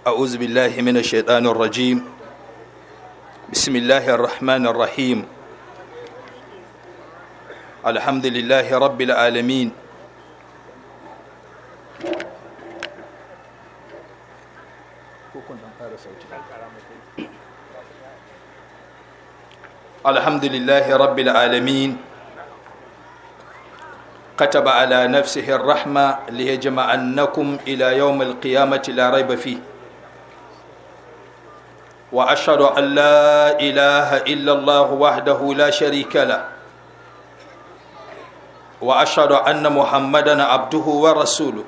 أعوذ بالله من الشيطان الرجيم بسم الله الرحمن الرحيم الحمد لله رب العالمين الحمد لله رب العالمين كتب على نفسه الرحمة ليجمعنكم إلى يوم القيامة لا ريب فيه واشهد ان لا اله الا الله وحده لا شريك له واشهد ان محمدا عبده ورسوله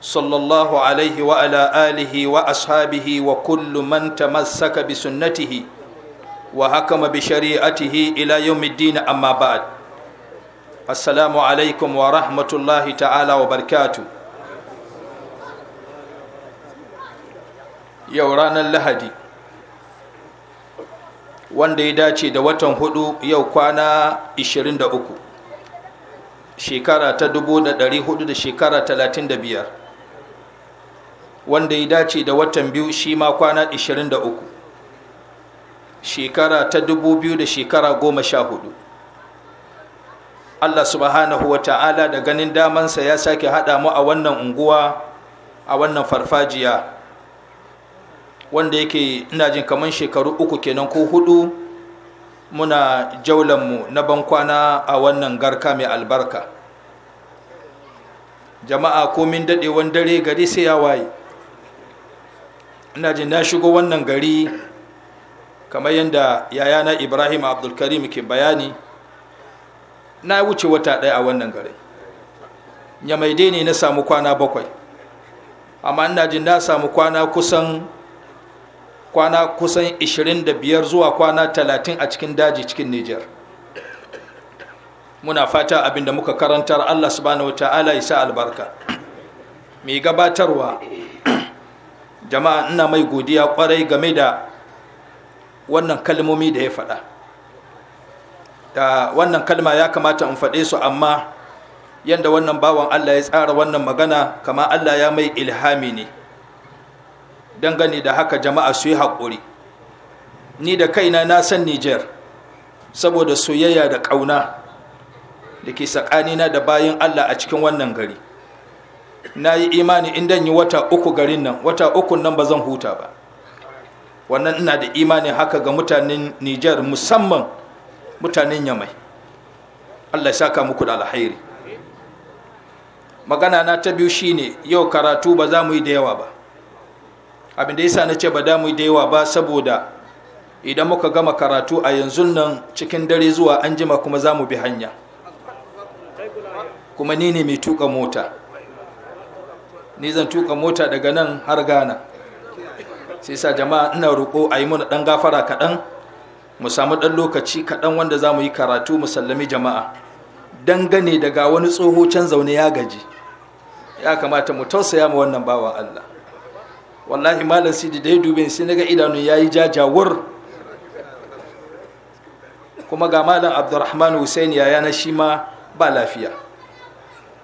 صلى الله عليه وعلى اله واصحابه وكل من تمسك بسنته وحكم بشريعته الى يوم الدين اما بعد السلام عليكم ورحمه الله تعالى وبركاته yau ranar lahadi wanda ya dace da watan hudu yau kwana 23 shekara ta 1400 da shekara 35 wanda ya dace da watan biyu shi ma kwana 23 shekara ta 2000 da shekara 14 Allah subhanahu wa ta'ala da ganin damansa ya sake haɗa mu a wannan unguwa a wannan farfajiya wanda yake ina jin kamar shekaru uku kenan ko hudu muna mu na bankwana a wannan garka mai albarka jama'a komin daɗewan dare gari sai ya waye ina jin na shigo wannan gari kamar yadda yayana ibrahim abdulkarim ke bayani na wuce wata ɗaya a wannan gari ya mai ne na samu kwana bakwai amma ina jin na samu kwana kusan kwana kusan 25 zuwa kwana 30 a cikin daji cikin Nijar muna fata abin da muka karantar Allah subhanahu wataala ya sa albarka mai gabatarwa jama'a ina mai godiya kwarai game da wannan kalmomi da ya faɗa da wannan kalma ya kamata in faɗe su amma yadda wannan bawan Allah ya tsara wannan magana kama Allah ya mai ilhami ne dangane da haka jama'a su yi haƙuri ni da kaina na san niger saboda soyayya da ƙauna da ke tsakanina da bayan allah a cikin wannan gari na yi imani in dan yi wata uku garin nan wata uku nan ba zan huta ba wannan ina da imani haka ga mutanen niger musamman mutanen yamai allah ya saka muku da alhairi magana na ta biyu shine yau karatu ba za mu yi da yawa ba abinda sa na ce ba da mu da yawa ba saboda idan muka gama karatu a yanzu nan cikin dare zuwa an jima kuma za mu bi hanya kuma ni ne mai tuka mota ni zan tuka mota daga nan har gana sai sa jama'a ina roƙo a yi mana ɗan gafara kaɗan mu samu ɗan lokaci kaɗan wanda za mu yi karatu mu sallami jama'a dangane daga wani tsoho can zaune ya gaji ya kamata mu tausaya ma wannan bawa allah wallahi malam sidi da ya dube sai naga idanun yayi jajawar kuma ga malam abdurrahman hussein yaya na shi ma ba lafiya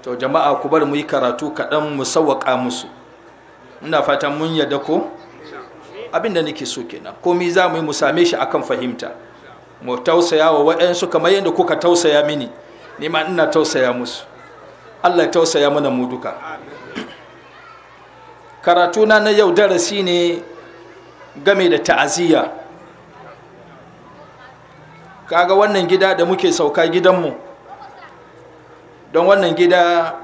to jama'a ku bar mu yi karatu kaɗan mu sawwaka musu ina fatan mun yadda ko abinda nake so kenan komai za mu yi mu same shi akan fahimta mu tausaya wa waɗansu kamar yadda kuka tausaya mini ni ma ina tausaya musu Allah ya tausaya mana mu duka karatuna na yau darasi ne game da ta'aziyya kaga wannan gida da muke sauka gidanmu don wannan gida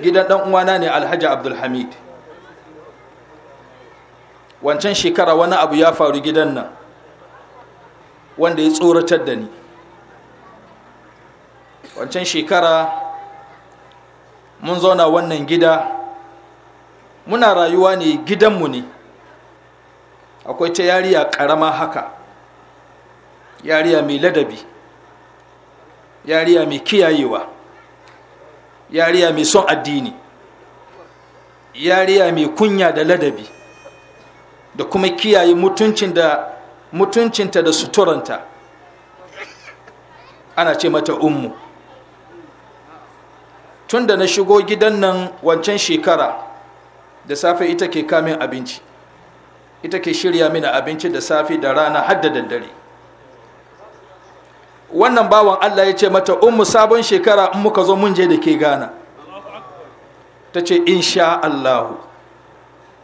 gidan dan uwana ne alhaji abdulhamid wancan shekara wani abu ya faru gidan nan wanda ya tsoratar da ni wancan shekara mun zauna wannan gida muna rayuwa ne gidanmu ne akwai ta yariya ƙarama haka yariya mai ladabi yariya mai kiyayewa yariya mai son addini yariya mai kunya da ladabi da kuma kiyaye mutuncin da mutuncinta da suturanta ana ce mata ummu tun da na shigo gidan nan wancan shekara da safe ita ke kamin abinci ita ke shirya mini abinci da safe da rana har da daddare wannan bawan Allah ya ce mata ummu sabon shekara in muka zo mun je da ke gana ta ce insha Allahu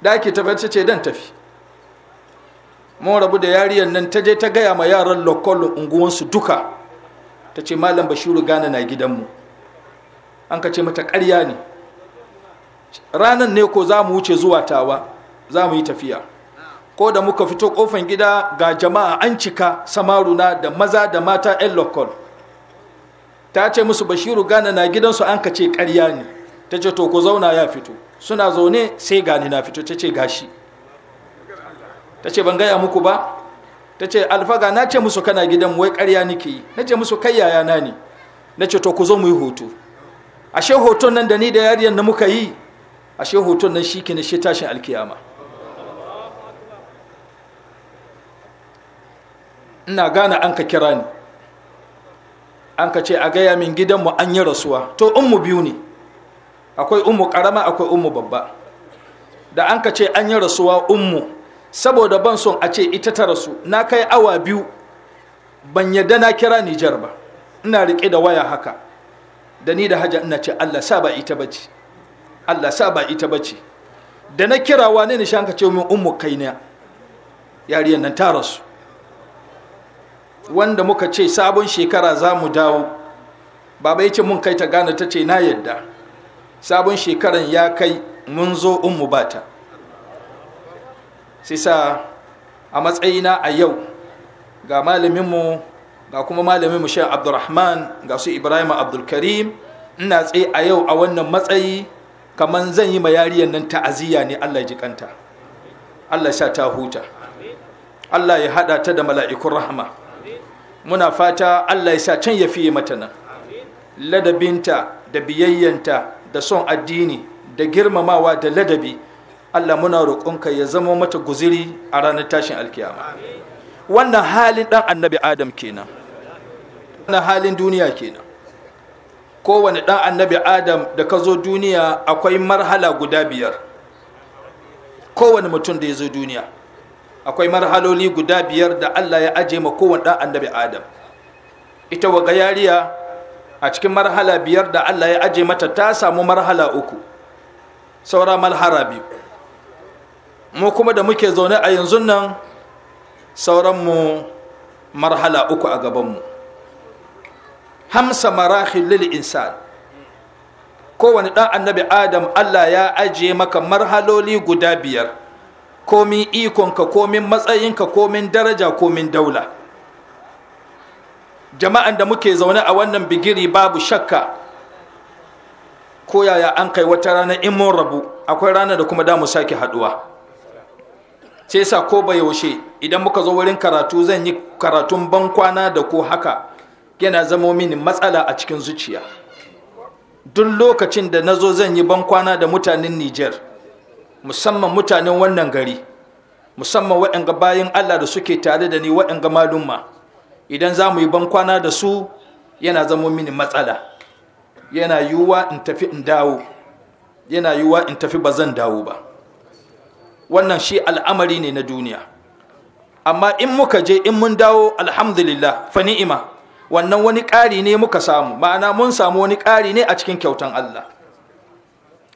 daki ta tafi ce dan tafi mun rabu da yariyar nan ta je ta gaya ma yaran lokol unguwansu duka ta ce malam bashiru gana na gidan mu.' an ka ce mata ƙarya ne ranan ne ko za mu wuce zuwa tawa za mu yi tafiya ko da muka fito kofan gida ga jama'a an cika samaruna da maza da mata 'yan lokal ta ce musu bashiru gane na gidansu an ka ce karya ne ta ce to ku zauna ya fito suna zaune sai gani na fito ta ce gashi ta ce ban gaya muku ba ta ce alfaga na ce musu kana gidan wai karya nake yi na ce musu kai yaya na ne na ce to ku zo mu yi hoto ashe hoton nan da ni da yariyan na muka yi ashe hoton nan shi ne shi tashin alkiyama ina gane an ka kira ni an ka ce a gaya min gidanmu an yi rasuwa to umu biyu ne akwai umu karama akwai umu babba da an ka ce an yi rasuwa umu. saboda ban son a ce ita ta rasu na kai awa biyu ban yadda na kira nijar ba ina rike da waya haka da ni da hajji ina ce allah sa ba ita ba Allah sa ba ita bace da na kira wane ne shanka ce min ummu kaina yariyan nan ta rasu wanda muka ce sabon shekara za mu dawo baba ya ce mun kai ta gane ta ce na yadda sabon shekaran ya kai mun zo ummu bata sai sa a matsayina a yau ga malaminmu ga kuma malaminmu shan abdurrahman ga su ibrahim abdulkarim ina tsaye a yau a wannan matsayi kamar zan yi ma yariyan nan ta'aziyya ne Allah ya ji kanta Allah sha ta huta Allah ya hada ta da mala'ikun rahama muna fata Allah ya sha can ya fiye mata nan ladabinta da biyayyanta da son addini da girmamawa da ladabi Allah muna roƙonka ya zama mata guziri a ranar tashin alkiyama wannan halin ɗan annabi adam kenan wannan halin duniya kenan kowane ɗan annabi adam da ka zo duniya akwai marhala guda biyar kowane mutum da ya zo duniya akwai marhaloli guda biyar da allah ya aje ma kowane ɗan annabi adam ita waga yariya a cikin marhala biyar da allah ya aje mata ta samu marhala uku saura marhala biyu mu kuma da muke zaune a yanzu nan sauranmu marhala uku a gabanmu hamsa marahil lil insan kowane dan annabi adam allah ya ajiye maka marhaloli guda biyar komin ikonka komin matsayinka komin daraja komin daula jama'an da muke zaune a wannan bigiri babu shakka ko yaya an kai wata rana in mun rabu akwai rana da kuma da mu sake haduwa sai sa ko ba yaushe idan muka zo wurin karatu zan yi karatun bankwana da ko haka yana zamo mini matsala a cikin zuciya duk lokacin da na zo zan yi bankwana da mutanen Nijar, musamman mutanen wannan gari musamman waɗanga bayan allah da suke tare da ni waɗanga malumma idan za mu yi bankwana da su yana zamo mini matsala yana yiwuwa in tafi in dawo yana yiwuwa in tafi ba zan dawo ba wannan shi al'amari ne na duniya amma in muka je in mun dawo alhamdulillah fa ni'ima wannan wani ƙari ne muka samu ma'ana mun samu wani ƙari ne a cikin kyautan Allah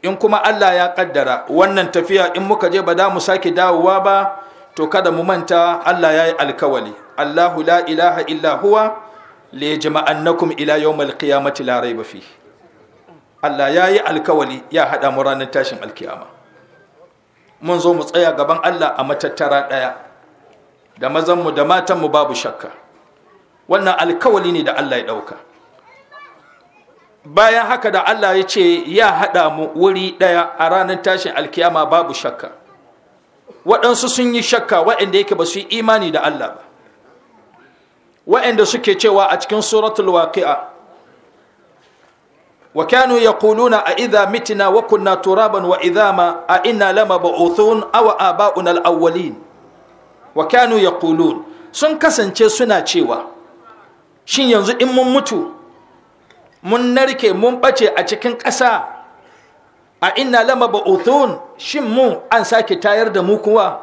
in kuma Allah ya ƙaddara wannan tafiya in muka je ba da mu sake dawowa ba to kada mu manta Allah ya yi alkawali Allahu la ilaha illa huwa li jama'annakum ila yawmal qiyamati la rayba fi Allah ya yi alkawali ya hada mu ranar tashin alkiyama mun zo mu tsaya gaban Allah a matattara ɗaya da mazanmu da matanmu babu shakka wannan alkawali ne da Allah ya ɗauka bayan haka da Allah ya ce ya haɗa mu wuri ɗaya a ranar tashin alkiyama babu shakka waɗansu sun yi shakka waɗanda yake ba su yi imani da Allah ba waɗanda suke cewa a cikin suratul waqi'a wa kanu yaquluna a idha mitina wa kunna turaban wa idhama a inna lama ba'uthun aw aba'una al-awwalin wa kanu yaqulun sun kasance suna cewa shin yanzu in mun mutu mun narke mun ɓace a cikin ƙasa a inna lama uthun shin mu an sake tayar da mu kuwa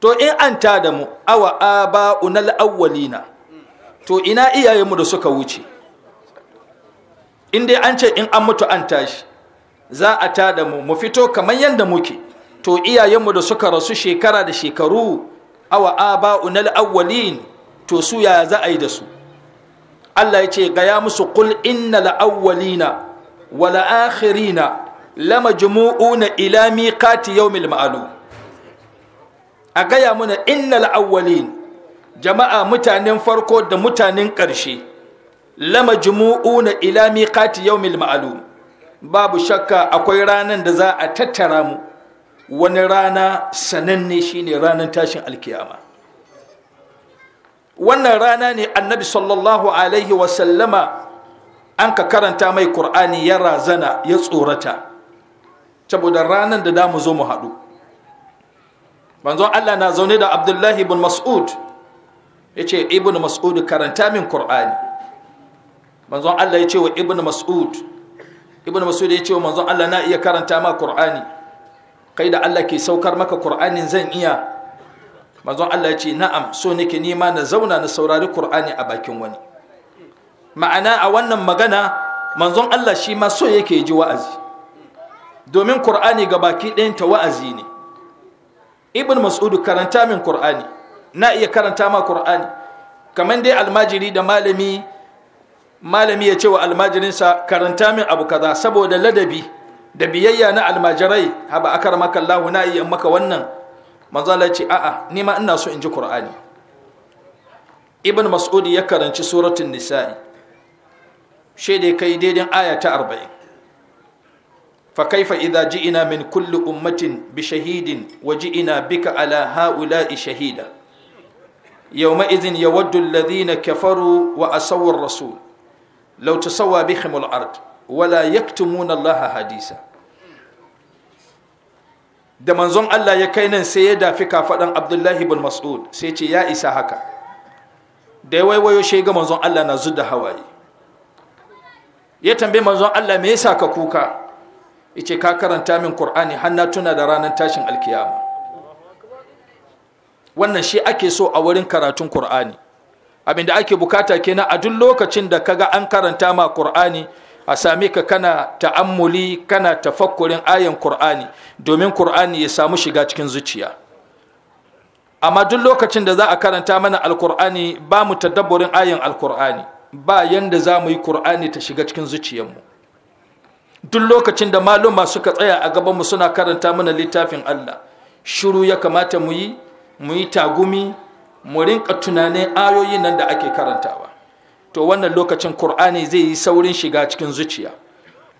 to in an ta da mu awa aba'una awwalina to ina iyayenmu da suka wuce in an ce in an mutu an tashi za a ta da mu mu fito kamar yadda muke to iyayenmu da suka rasu shekara da shekaru awa aba'una awwalin to su yaya za a yi da su Allah ya ce gaya musu kul innal awwalina wal akhirina na ila miqati yawmil ma'lum a gaya muna innal awwalin jama'a mutanen farko da mutanen ƙarshe lamajmu'una ila miqati yawmil ma'lum babu shakka akwai ranan da za a tattara mu wani rana sananne shine ranan tashin alkiyama wannan rana ne annabi sallallahu alaihi wasallama an ka karanta mai ƙur'ani ya razana ya tsorata saboda ranar da damu zo mu haɗu manzon allah na zaune da abdullahi ibn mas'ud ya ce ibn mas'ud karanta min ƙur'ani manzon allah ya ce wa ibn mas'ud ibn mas'ud ya ce wa manzon allah na iya karanta ma ƙur'ani kai da allah ke saukar maka ƙur'anin zan iya manzon Allah ya ce na'am so nake nima na zauna na saurari Kur'ani a bakin wani ma'ana a wannan magana manzon Allah shi ma so yake ji wa'azi domin Kur'ani ga baki ɗayan ta wa'azi ne Ibn Mas'ud karanta min Kur'ani, na iya karanta ma Kur'ani. kamar dai almajiri da malami malami ya ce wa almajirinsa karanta min abu kaza saboda ladabi da biyayya na almajirai haba akar maka Allah na iya maka wannan manzo Allah ce a'a ni ma ina so in ji Kur'ani. Ibn Mas'ud ya karanci suratun Nisa'i shede kai daidin aya ta arba'in. fa kaifa idza ji'ina min kulli ummatin bi shahidin wa ji'ina bika ala haula'i shahida yawma idhin yawaddu alladhina kafaru wa asawu ar-rasul law tasawwa bihim al-ard wa la yaktumuna Allah hadisa da manzon Allah ya kai nan sai ya dafi kafadan Abdullahi bin Mas'ud sai ce ya isa haka da ya waiwayo shi ga manzon Allah na zudda hawaye ya tambaye manzon Allah me yasa ka kuka yace ka karanta min Qur'ani har na tuna da ranar tashin alkiyama wannan shi ake so a wurin karatun Qur'ani abinda ake bukata kenan a duk lokacin da kaga an karanta ma Qur'ani a sami ka kana ta'ammuli kana tafakkurin ayan qur'ani domin qur'ani ya samu shiga cikin zuciya amma duk lokacin da za a karanta mana alqur'ani ba mu tadabburin ayan alqur'ani ba yanda za mu yi qur'ani ta shiga cikin zuciyarmu duk lokacin da maluma suka tsaya a mu suna karanta mana littafin Allah shiru ya kamata mu yi mu yi tagumi mu rinka tunanin ayoyin nan da ake karantawa to wannan lokacin Kur'ani zai yi saurin shiga cikin zuciya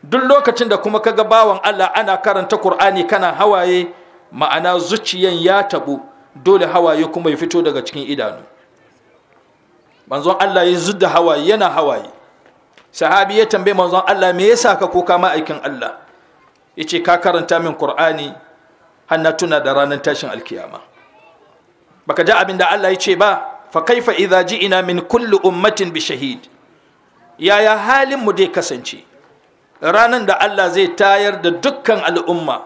duk lokacin da kuma kaga bawan Allah ana karanta Kur'ani kana hawaye ma'ana zuciyan ya tabu dole hawaye kuma ya fito daga cikin idanu manzon Allah ya zudda hawaye yana hawaye sahabi ya tambaye manzon Allah me yasa ka kuka aikin Allah yace ka karanta min Kur'ani har na tuna da ranar tashin alkiyama baka ji abin da Allah ya ce ba fa kaifa idza ji'ina min kulli ummatin bi yaya halin mu dai kasance ranan da Allah zai tayar da dukkan al'umma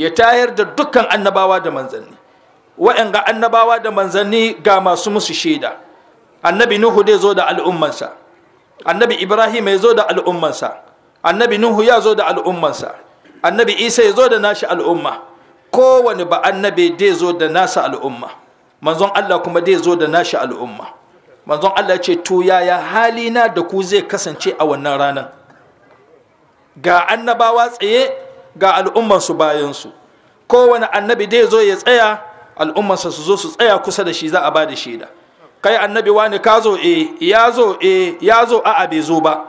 ya tayar da dukkan annabawa da manzanni waɗanga annabawa da manzanni ga masu musu shaida annabi nuhu dai zo da al'ummansa annabi ibrahim ya zo da al'ummansa annabi nuhu ya zo da al'ummansa annabi isa ya zo da nashi al'umma kowane ba annabi dai zo da nasa al'umma manzon Allah kuma dai zo da nashi al'umma manzon Allah ce to yaya halina da ku zai kasance a wannan ranan. ga annabawa tsaye ga al'ummansu bayansu kowane annabi dai zo ya tsaya al'ummansa su zo su tsaya kusa da shi za a ba da shaida kai annabi wani ka zo e ya zo e ya zo a'a bai zo ba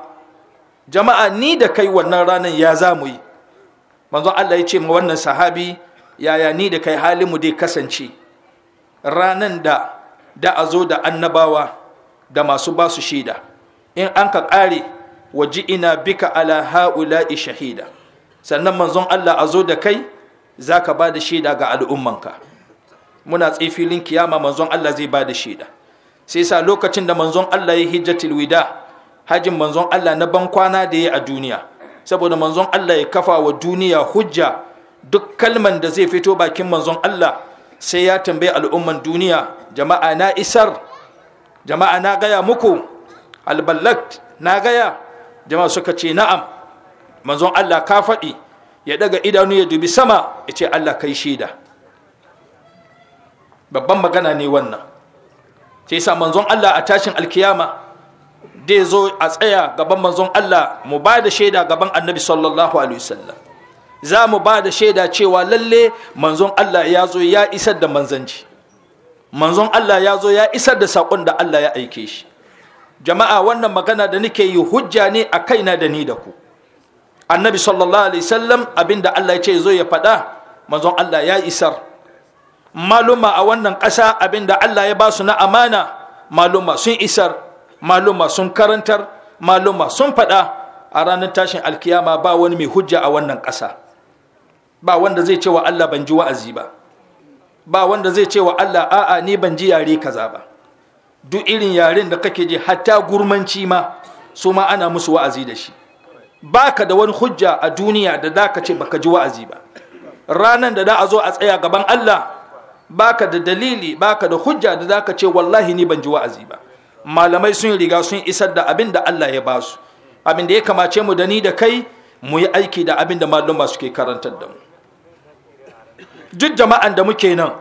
jama'a ni da kai wannan ranan ya za mu yi manzon Allah ya ce ma wannan sahabi yaya ni da kai halin mu dai kasance ranan da da a zo da annabawa da masu ba su shaida in an ka ƙare waji ina bika ala ha'ula'i shahida sannan manzon Allah a zo da kai za ka ba da shaida ga al'ummanka muna tsifilin kiyama manzon Allah zai ba da shaida sai sa lokacin da manzon Allah ya hijja wida hajjin manzon Allah na ban kwana da ya a duniya saboda manzon Allah ya kafa wa duniya hujja duk kalman da zai fito bakin manzon Allah sai ya tambayi al'umman duniya jama'a na isar jama'a na gaya muku alballat na gaya jama'a suka ce na'am manzon Allah ka faɗi ya daga idanu ya dubi sama ya ce Allah kai shaida babban magana ne wannan sai sa manzon Allah a tashin alkiyama dai zo a tsaya gaban manzon Allah mu ba da shaida gaban annabi sallallahu alaihi wasallam za mu ba da shaida cewa lalle manzon Allah ya zo ya isar da manzanci manzon Allah ya zo ya isar da saƙon da Allah ya aike shi jama'a wannan magana da nake yi hujja ne a kaina da ni da ku annabi sallallahu alaihi wasallam abinda Allah ya ce zo ya faɗa manzon Allah ya isar maluma a wannan ƙasa abinda Allah ya ba su na amana maluma sun isar maluma sun karantar maluma sun faɗa a ranar tashin alkiyama ba wani mai hujja a wannan ƙasa ba wanda zai cewa Allah ban ji wa'azi ba ba wanda zai cewa Allah a'a ni ban ji yare kaza ba duk irin yaren da kake ji hatta gurmanci ma su ma ana musu wa'azi da shi baka da wani hujja a duniya da zaka ce baka ji wa'azi ba ranan da da a zo a tsaya gaban Allah baka da dalili baka da hujja da zaka ce wallahi ni ban ji wa'azi ba malamai sun riga sun isar da abin da Allah ya basu abin da ya kamace mu da ni da kai mu yi aiki da abin da maluma suke karantar da mu duk jama'an da muke nan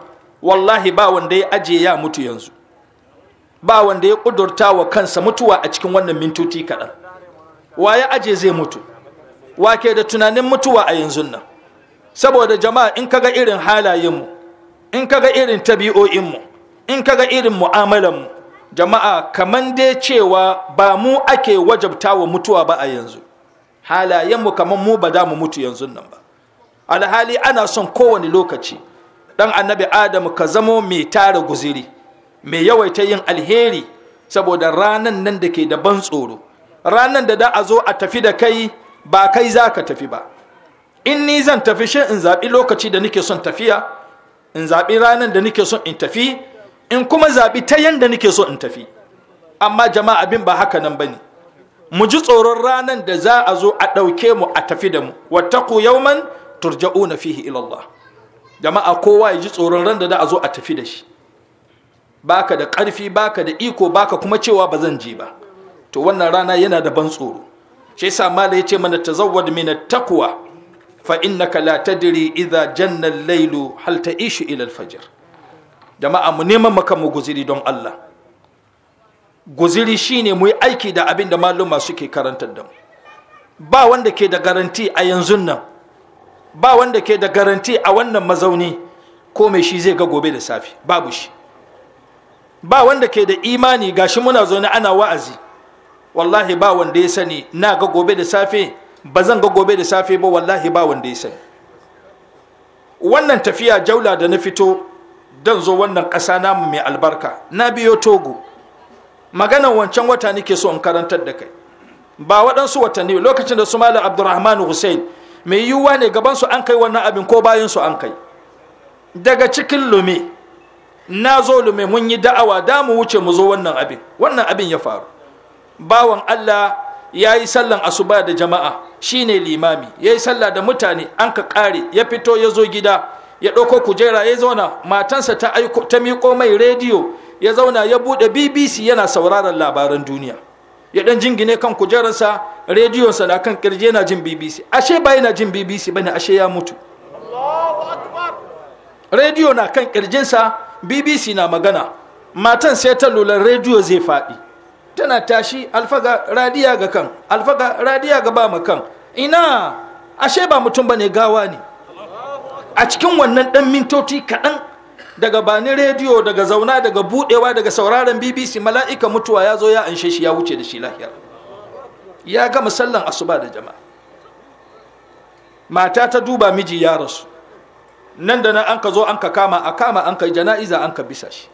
wallahi ba wanda ya aje ya mutu yanzu ba wanda ya kudurta wa kansa mutuwa a cikin wannan mintoci kaɗan wa ya aje zai mutu wa ke da tunanin mutuwa a yanzu nan saboda jama'a in kaga irin halayenmu in kaga irin tabi'o'inmu in kaga irin mu'amalanmu jama'a kaman dai cewa ba mu ake wajabta wa mutuwa ba a yanzu halayenmu kaman mu ba za mu mutu yanzu nan ba alhali ana son kowane lokaci dan annabi Adamu ka zamo mai tara guziri mai yawaita yin alheri saboda ranan nan da ke da ban tsoro ranan da da a zo a tafi da kai ba kai za ka tafi ba in ni zan tafi shi in zaɓi lokaci da nake son tafiya in zaɓi ranan da nake son in tafi in kuma zaɓi ta yanda nake so in tafi amma jama'a abin ba haka nan ba ne. mu ji tsoron ranan da za a zo a ɗauke mu a tafi da mu wattaku yauman turja'una fihi ila Allah jama'a kowa ya ji tsoron ran da a zo a tafi da shi baka da ƙarfi baka da iko baka kuma cewa ba zan je ba to wannan rana yana da ban tsoro shi yasa mala yace mana tazawwad min at-taqwa fa innaka la tadri idha janna al-laylu hal ta'ishu ila al-fajr jama'a mu neman maka mu guziri don Allah guziri shine mu yi aiki da abin da maluma suke karantar da mu ba wanda ke da garanti a yanzun nan ba wanda ke da garanti a wannan mazauni ko mai shi zai ga gobe da safe babu shi ba wanda ke da imani gashi muna zaune ana wa'azi wallahi ba wanda ya sani na ga gobe da safe ba zan ga gobe da safe ba wallahi ba wanda ya sani wannan tafiya jaula da na fito don zo wannan ƙasa namu mai albarka na biyo togo maganan wancan wata nake so in karantar da kai ba waɗansu watanni lokacin da su malam abdurrahman hussein mai yiwuwa ne gabansu an kai wannan abin ko bayansu an kai daga cikin lume na zo lume mun yi da'awa da mu wuce mu zo wannan abin wannan abin ya faru bawan allah ya yi sallan asuba da jama'a shine limami ya yi sallah da mutane an ka kare ya fito ya zo gida ya ɗauko kujera ya zauna matansa ta miƙo mai rediyo ya zauna ya buɗe bbc yana sauraron labaran duniya ya dan jingine kan kujerarsa rediyonsa na kan kirje na jin bbc ashe ba yana jin bbc bane ashe ya mutu rediyo na kan kirjinsa bbc na magana matan sai ta lula rediyo zai faɗi tana tashi alfaga radiya ga kan alfaga radiya ga ba kan ina ashe ba mutum bane gawa ne a cikin wannan dan mintoti kaɗan daga bani rediyo daga zauna daga budewa daga sauraron bbc mala'ika mutuwa ya zo ya anshe shi ya wuce da shi lahiyar ya gama sallan asuba da jama'a mata ta duba miji ya rasu nan da nan an ka zo an ka kama a kama an ka jana'iza an ka bisa shi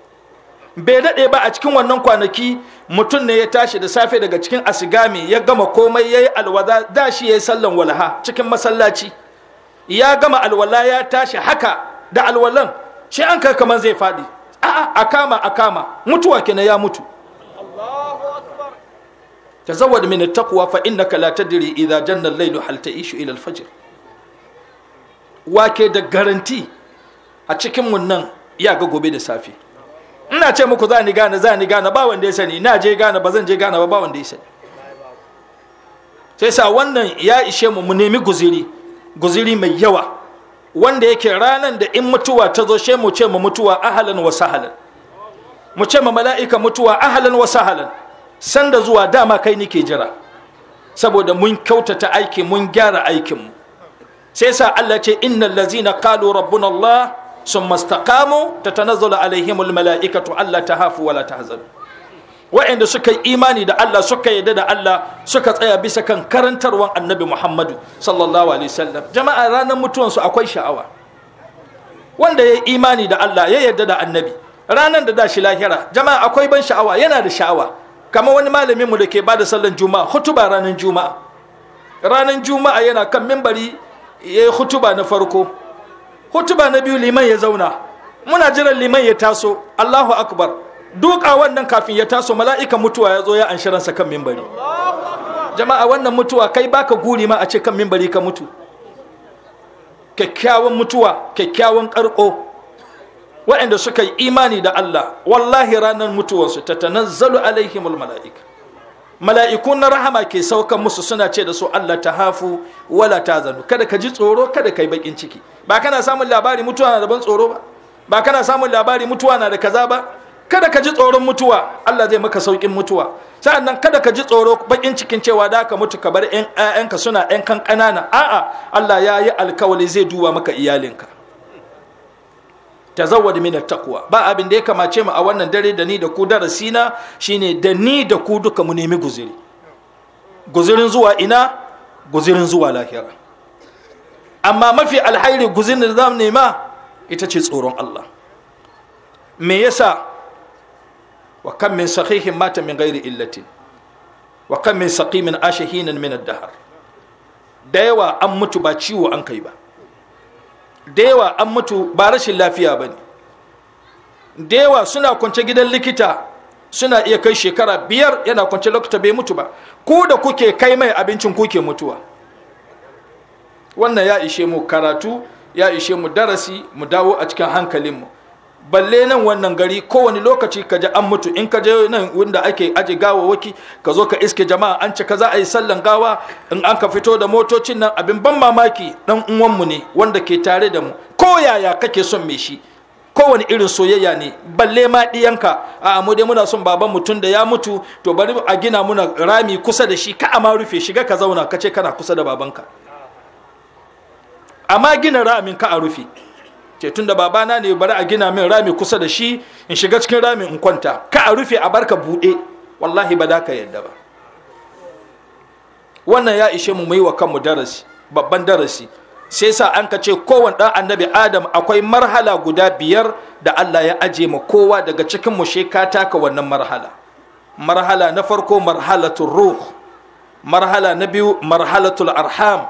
bai daɗe ba a cikin wannan kwanaki mutum ne ya tashi da safe daga cikin asigami ya gama komai ya yi alwala da shi ya yi sallan walaha cikin masallaci ya gama alwala ya tashi haka da alwalan shi an kai kamar zai faɗi a'a a kama a kama mutuwa kenan ya mutu tazawwad da mini takuwa fa innaka ka lata diri idan al lailu halta ishu ilal fajir wake da garanti a cikin mun nan ya ga gobe da safe ina ce muku za ni gane za ni gane ba wanda ya sani na je gane ba zan je gane ba ba wanda ya sani sai sa wannan ya ishe mu mu nemi guziri guziri mai yawa wanda yake ranan da in mutuwa ta zo shi mu ce mu mutuwa ahalan wa sahalan mu ce ma mala'ika mutuwa ahalan wa sahalan sanda zuwa dama kai nike jira saboda mun kyautata aiki mun gyara aikinmu sai sa Allah ce innal lazina qalu rabbuna Allah summa istaqamu tatanazzalu alaihimul mala'ikatu alla tahafu wa la tahzanu waɗanda suka yi imani da Allah suka yarda da Allah suka tsaya bisa kan karantarwan annabi Muhammadu sallallahu alaihi wasallam jama'a ranar mutuwansu akwai sha'awa wanda ya yi imani da Allah ya yarda da annabi ranar da dashi lahira jama'a akwai ban sha'awa yana da sha'awa kamar wani malamin mu da ke bada sallan juma'a hutuba ranar juma'a ranar juma'a yana kan mimbari ya yi hutuba na farko hutuba na biyu liman ya zauna muna jiran liman ya taso Allahu akbar duka wannan kafin ya taso mala'ikan mutuwa ya zo ya an shiransa kan mimbari jama'a wannan mutuwa kai baka guri ma a ce kan mimbari ka mutu kyakkyawan mutuwa kyakkyawan karko waɗanda suka yi imani da Allah wallahi ranar mutuwarsu ta tanazzalu alaihimul mala'ika mala'iku na rahama ke saukan musu suna ce da su Allah ta hafu wala ta zanu kada ka ji tsoro kada ka yi bakin ciki ba kana samun labari mutuwa na da tsoro ba ba kana samun labari mutuwa na da kaza ba kada ka ji tsoron mutuwa Allah zai maka saukin mutuwa nan kada ka ji tsoro bakin cikin cewa da ka mutu ka bar yan ƴaƴanka suna yan kan ƙanana a'a Allah ya yi alkawali zai duba maka iyalinka tazawwad min taqwa ba abin da ya kamace mu a wannan dare da ni da ku darasi na shine da ni da ku duka mu nemi guziri guzirin zuwa ina guzirin zuwa lahira amma mafi alhairi guzirin da zamu nema ita ce tsoron Allah me yasa wa kan min sahihin mata min gairi illatin wa kan min saqimin ashahinin min ad da yawa an mutu ba ciwo an kai ba da yawa an mutu ba rashin lafiya bane da yawa suna kwance gidan likita suna iya kai shekara biyar yana kwance lokuta bai mutu ba ku da kuke kai mai abincin kuke mutuwa wannan ya ishe mu karatu ya ishe mu darasi mu dawo a cikin hankalinmu balle nan wannan gari kowane lokaci ka ji an mutu in ka je nan wanda ake aje waki ka zo ka iske jama'a an ce za a yi sallan gawa in an ka fito da motocin nan abin ban mamaki dan uwanmu ne wanda ke tare da mu ko yaya kake son me shi kowane irin soyayya ne balle ma ɗiyanka a mu dai muna son baban mutum da ya mutu to bari a gina muna rami kusa da shi ka a ma rufe shiga ka zauna ka ce kana kusa da babanka amma gina ramin ka a rufe ce da babana ne bari a gina min rami kusa da shi in shiga cikin rami in kwanta ka a rufe a barka buɗe wallahi ba za ka yadda ba wannan ya ishe mu yi wa kanmu darasi babban darasi sai sa an ka ce kowane ɗan annabi adam akwai marhala guda biyar da allah ya aje ma kowa daga cikin mu ka taka wannan marhala marhala na farko marhalatul ruh marhala na biyu marhalatul arham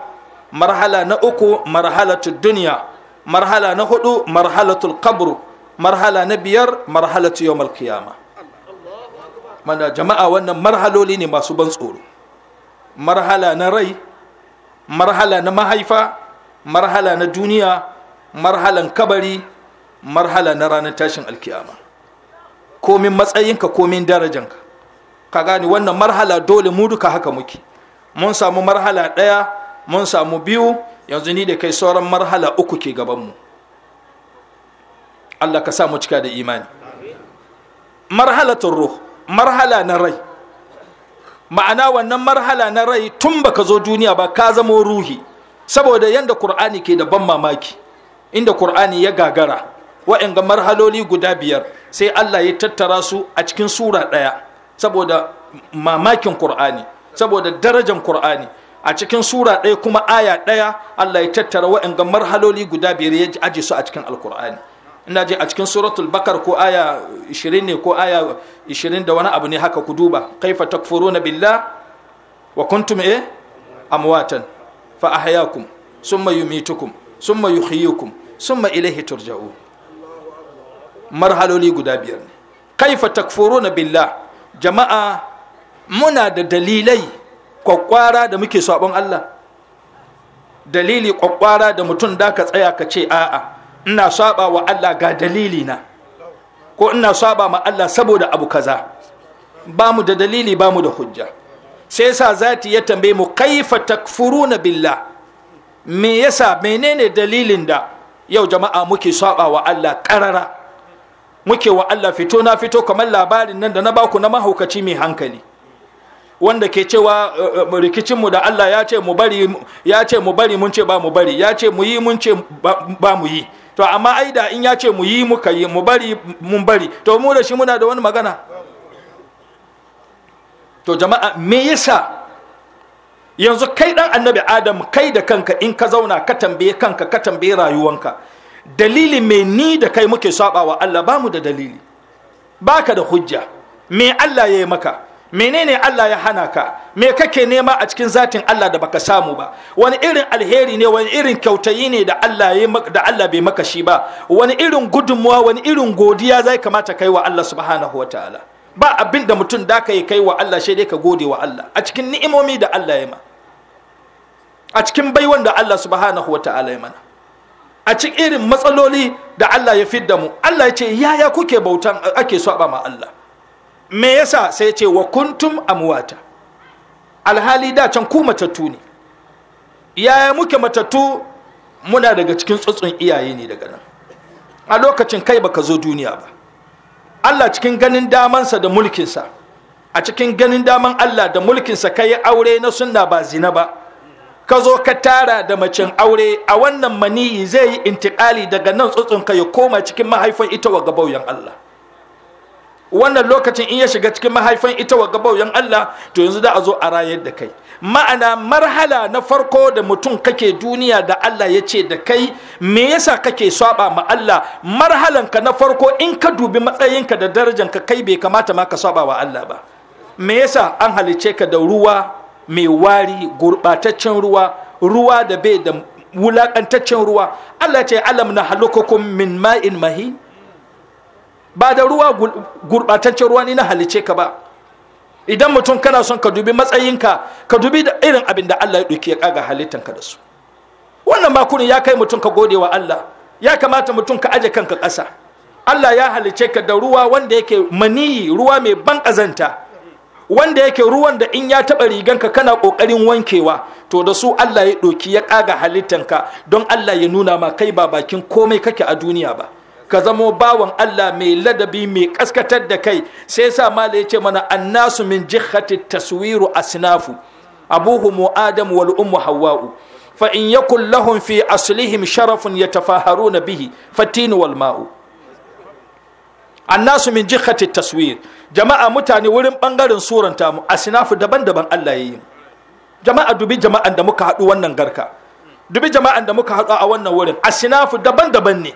marhala na uku marhalatul duniya marhala na hudu marhalatul qabr marhala na biyar marhalatu yawmal qiyama mana jama'a wannan marhaloli ne masu ban tsoro marhala na rai marhala na mahaifa marhala na duniya marhalan kabari marhala na ranar tashin alkiyama komin matsayinka komin darajanka ka gani wannan marhala dole mu duka haka muke mun samu marhala ɗaya mun samu biyu yanzu ni da kai sauran marhala uku ke gabanmu allah ka sa mu cika da imani marhalatun ruh marhala na rai ma'ana wannan marhala na rai tun baka zo duniya ba ka zamo ruhi saboda yadda Kur'ani ke da ban mamaki inda ƙur'ani ya gagara wa'anga marhaloli guda biyar sai allah ya tattara su a cikin sura ɗaya saboda mamakin ƙur'ani saboda darajan Kur'ani a cikin sura ɗaya kuma aya ɗaya Allah ya tattara waɗanga marhaloli guda biyar ya aje su a cikin alkur'ani ina je a cikin suratul bakar ko aya 20 ne ko aya 20 da wani abu ne haka ku duba kaifa takfuruna billah wa kuntum eh amwatan fa ahyakum summa yumitukum summa yuhyikum summa ilaihi turja'un marhaloli guda biyar ne kaifa takfuruna billah jama'a muna da dalilai kwakwara da muke sabon Allah dalili kwakwara da mutum da ka tsaya ka ce a'a ina saba wa Allah ga dalili na ko ina saba ma Allah saboda abu kaza ba mu da dalili ba mu da hujja sai yasa zati ya tambaye mu kaifa takfuruna billah me yasa menene dalilin da yau jama'a muke saba wa Allah karara muke wa Allah fito na fito kamar labarin nan da na baku na mahaukaci mai hankali wanda ke cewa eh, eh, rikicinmu da Allah ya ce mu bari mun ce ba mu bari ya ce mu yi mun ce ba mu yi to amma ai da in ya ce mu yi muka yi mu bari mun bari to mu da shi muna da wani magana to jama'a me yasa yanzu kai dan annabi adam kai da kanka in ka zauna ka tambaye kanka ka tambaye rayuwanka dalili me ni da kai muke saba wa Allah ba mu da dalili baka da hujja me Allah ya yi maka menene Allah ya hana ka me kake nema a cikin zatin Allah da baka samu ba wani irin alheri ne wani irin kyautayi ne da Allah ya da Allah bai maka shi ba wani irin gudunmuwa wani irin godiya zai kamata kai wa Allah subhanahu wataala ba abin da mutum da ka yi kai wa Allah shi dai ka gode wa Allah a cikin ni'imomi da Allah ya ma a cikin baiwan da Allah subhanahu wataala ya mana a cikin irin matsaloli da Allah ya fidda mu Allah ya ce yaya kuke bautan ake so a ba ma Allah me yasa sai ce wa kuntum amwata alhali da can ku matattu ne yaya muke matattu muna daga cikin tsutsun iyaye ne daga nan a lokacin kai baka zo duniya ba Allah cikin ganin damansa da mulkinsa a cikin ganin daman Allah da mulkinsa ka yi aure na sunna ba zina ba ka zo ka tara da macin aure a wannan maniyi zai yi intikali daga nan tsutsun ka ya koma cikin mahaifan ita wa gabauyan Allah wannan lokacin in ya shiga cikin mahaifan ita wa gabauyan Allah to yanzu da a zo a rayar da kai ma'ana marhala na farko da mutum kake duniya da Allah ya ce da kai me yasa kake saba ma Allah Marhalan ka na farko in ka dubi matsayinka da ka kai bai kamata ma ka saba wa Allah ba me yasa an halice ka da ruwa mai wari gurbataccen ruwa ruwa da bai da wulakantaccen ruwa Allah ce alam na halukukum min ma'in mahin ba da ruwa gurɓataccen ruwa ni na halice ka ba idan mutum kana son ka dubi matsayinka ka dubi da irin abin da Allah ya ɗauki ya ƙaga halittanka da su wannan makunin ya kai mutum ka gode wa Allah ya kamata mutum ka aje kanka ƙasa Allah ya halice ka da ruwa wanda yake maniyi ruwa mai ban ƙazanta wanda yake ruwan da in ya taɓa riganka kana ƙoƙarin wankewa to da su Allah ya ɗauki ya ƙaga halittanka don Allah ya nuna ma kai ba bakin komai kake a duniya ba ka zamo bawan Allah mai ladabi mai kaskatar da kai sai sa mala ya ce mana annasu min jihati taswiru asnafu abuhum adam wal ummu hawwa'u fa in yakul lahum fi aslihim sharafun yatafaharuna bihi fatinu wal ma'u annasu min jihati taswir jama'a mutane wurin bangaren suranta mu asnafu daban-daban Allah yayi jama'a dubi jama'an da muka haɗu wannan garka dubi jama'an da muka haɗu a wannan wurin asnafu daban-daban ne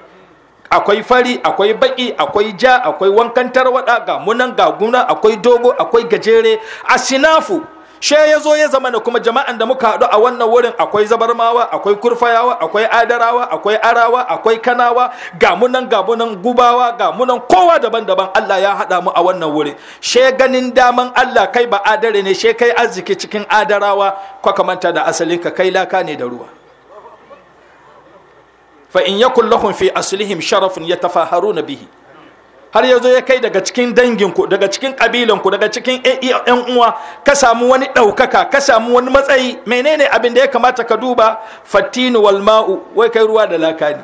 akwai fari akwai baki akwai ja akwai wankan tarwada ga munan ga guna akwai dogo akwai gajere a sinafu she ya zo ya zama da kuma jama'an da muka haɗu a wannan wurin akwai zabarmawa akwai kurfayawa akwai adarawa akwai arawa akwai kanawa ga munan ga munan gubawa ga munan kowa daban-daban Allah ya haɗa mu a wannan wurin she ganin daman Allah kai ba adare ne she kai arziki cikin adarawa kwa kamanta da asalin ka kai laka ne da ruwa fa in yakul lahum fi aslihim sharafun yatafaharuna bihi har yazo ya kai daga cikin dangin ku daga cikin kabilan daga cikin yan uwa ka samu wani daukaka ka samu wani matsayi menene abin da ya kamata ka duba fatinu wal ma'u wai kai ruwa da laka ne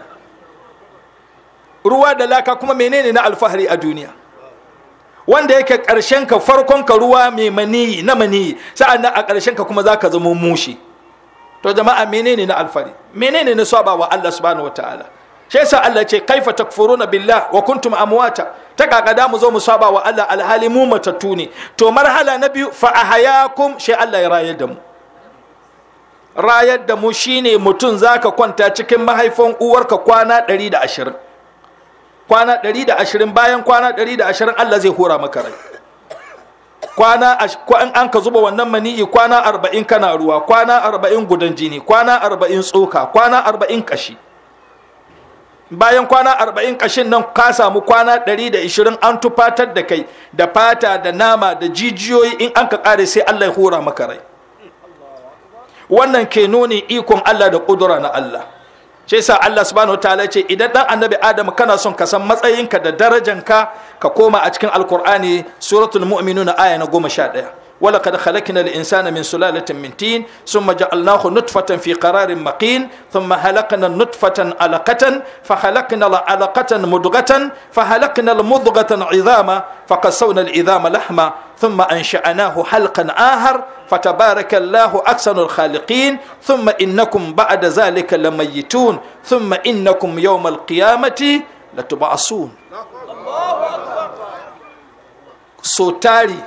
ruwa da laka kuma menene na alfahari a duniya wanda yake karshen ka farkon ka ruwa mai maniyi na maniyi sa'an a karshen ka kuma zaka zama mushi to jama'a menene na alfari menene na saba wa Allah subhanahu wataala shi yasa Allah ce kaifa takfuruna billah wa kuntum amwata ta kakada mu zo mu saba wa Allah alhali mu matattu ne to marhala na biyu fa ahayakum shi Allah ya rayar da mu rayar da mu shine mutum zaka kwanta cikin mahaifin uwarka kwana 120 kwana 120 bayan kwana 120 Allah zai hura maka rai kwana in an ka zuba wannan mani'i kwana arba'in kana ruwa kwana arba'in gudan jini kwana arba'in tsoka kwana arba'in kashi bayan kwana arba'in kashin nan ka samu kwana ɗari da ishirin an tufatar da kai da fata da nama da jijiyoyi in an ka ƙare sai allah ya hura maka rai wannan ke nuni ikon allah da ƙudura na allah shi yasa Allah subhanahu ta'ala ce idan dan annabi Adam kana son ka san matsayinka da darajanka ka koma a cikin alkur'ani suratul mu'minun aya na goma sha ɗaya ولقد خلقنا الإنسان من سلالة من تين ثم جعلناه نطفة في قرار مقين ثم خلقنا النطفة علقة فخلقنا العلقة مضغة فخلقنا المضغة عظاما فقصونا العظام لحما ثم أنشأناه حلقا آخر فتبارك الله أحسن الخالقين ثم إنكم بعد ذلك لميتون ثم إنكم يوم القيامة لتبعثون الله أكبر سوتاري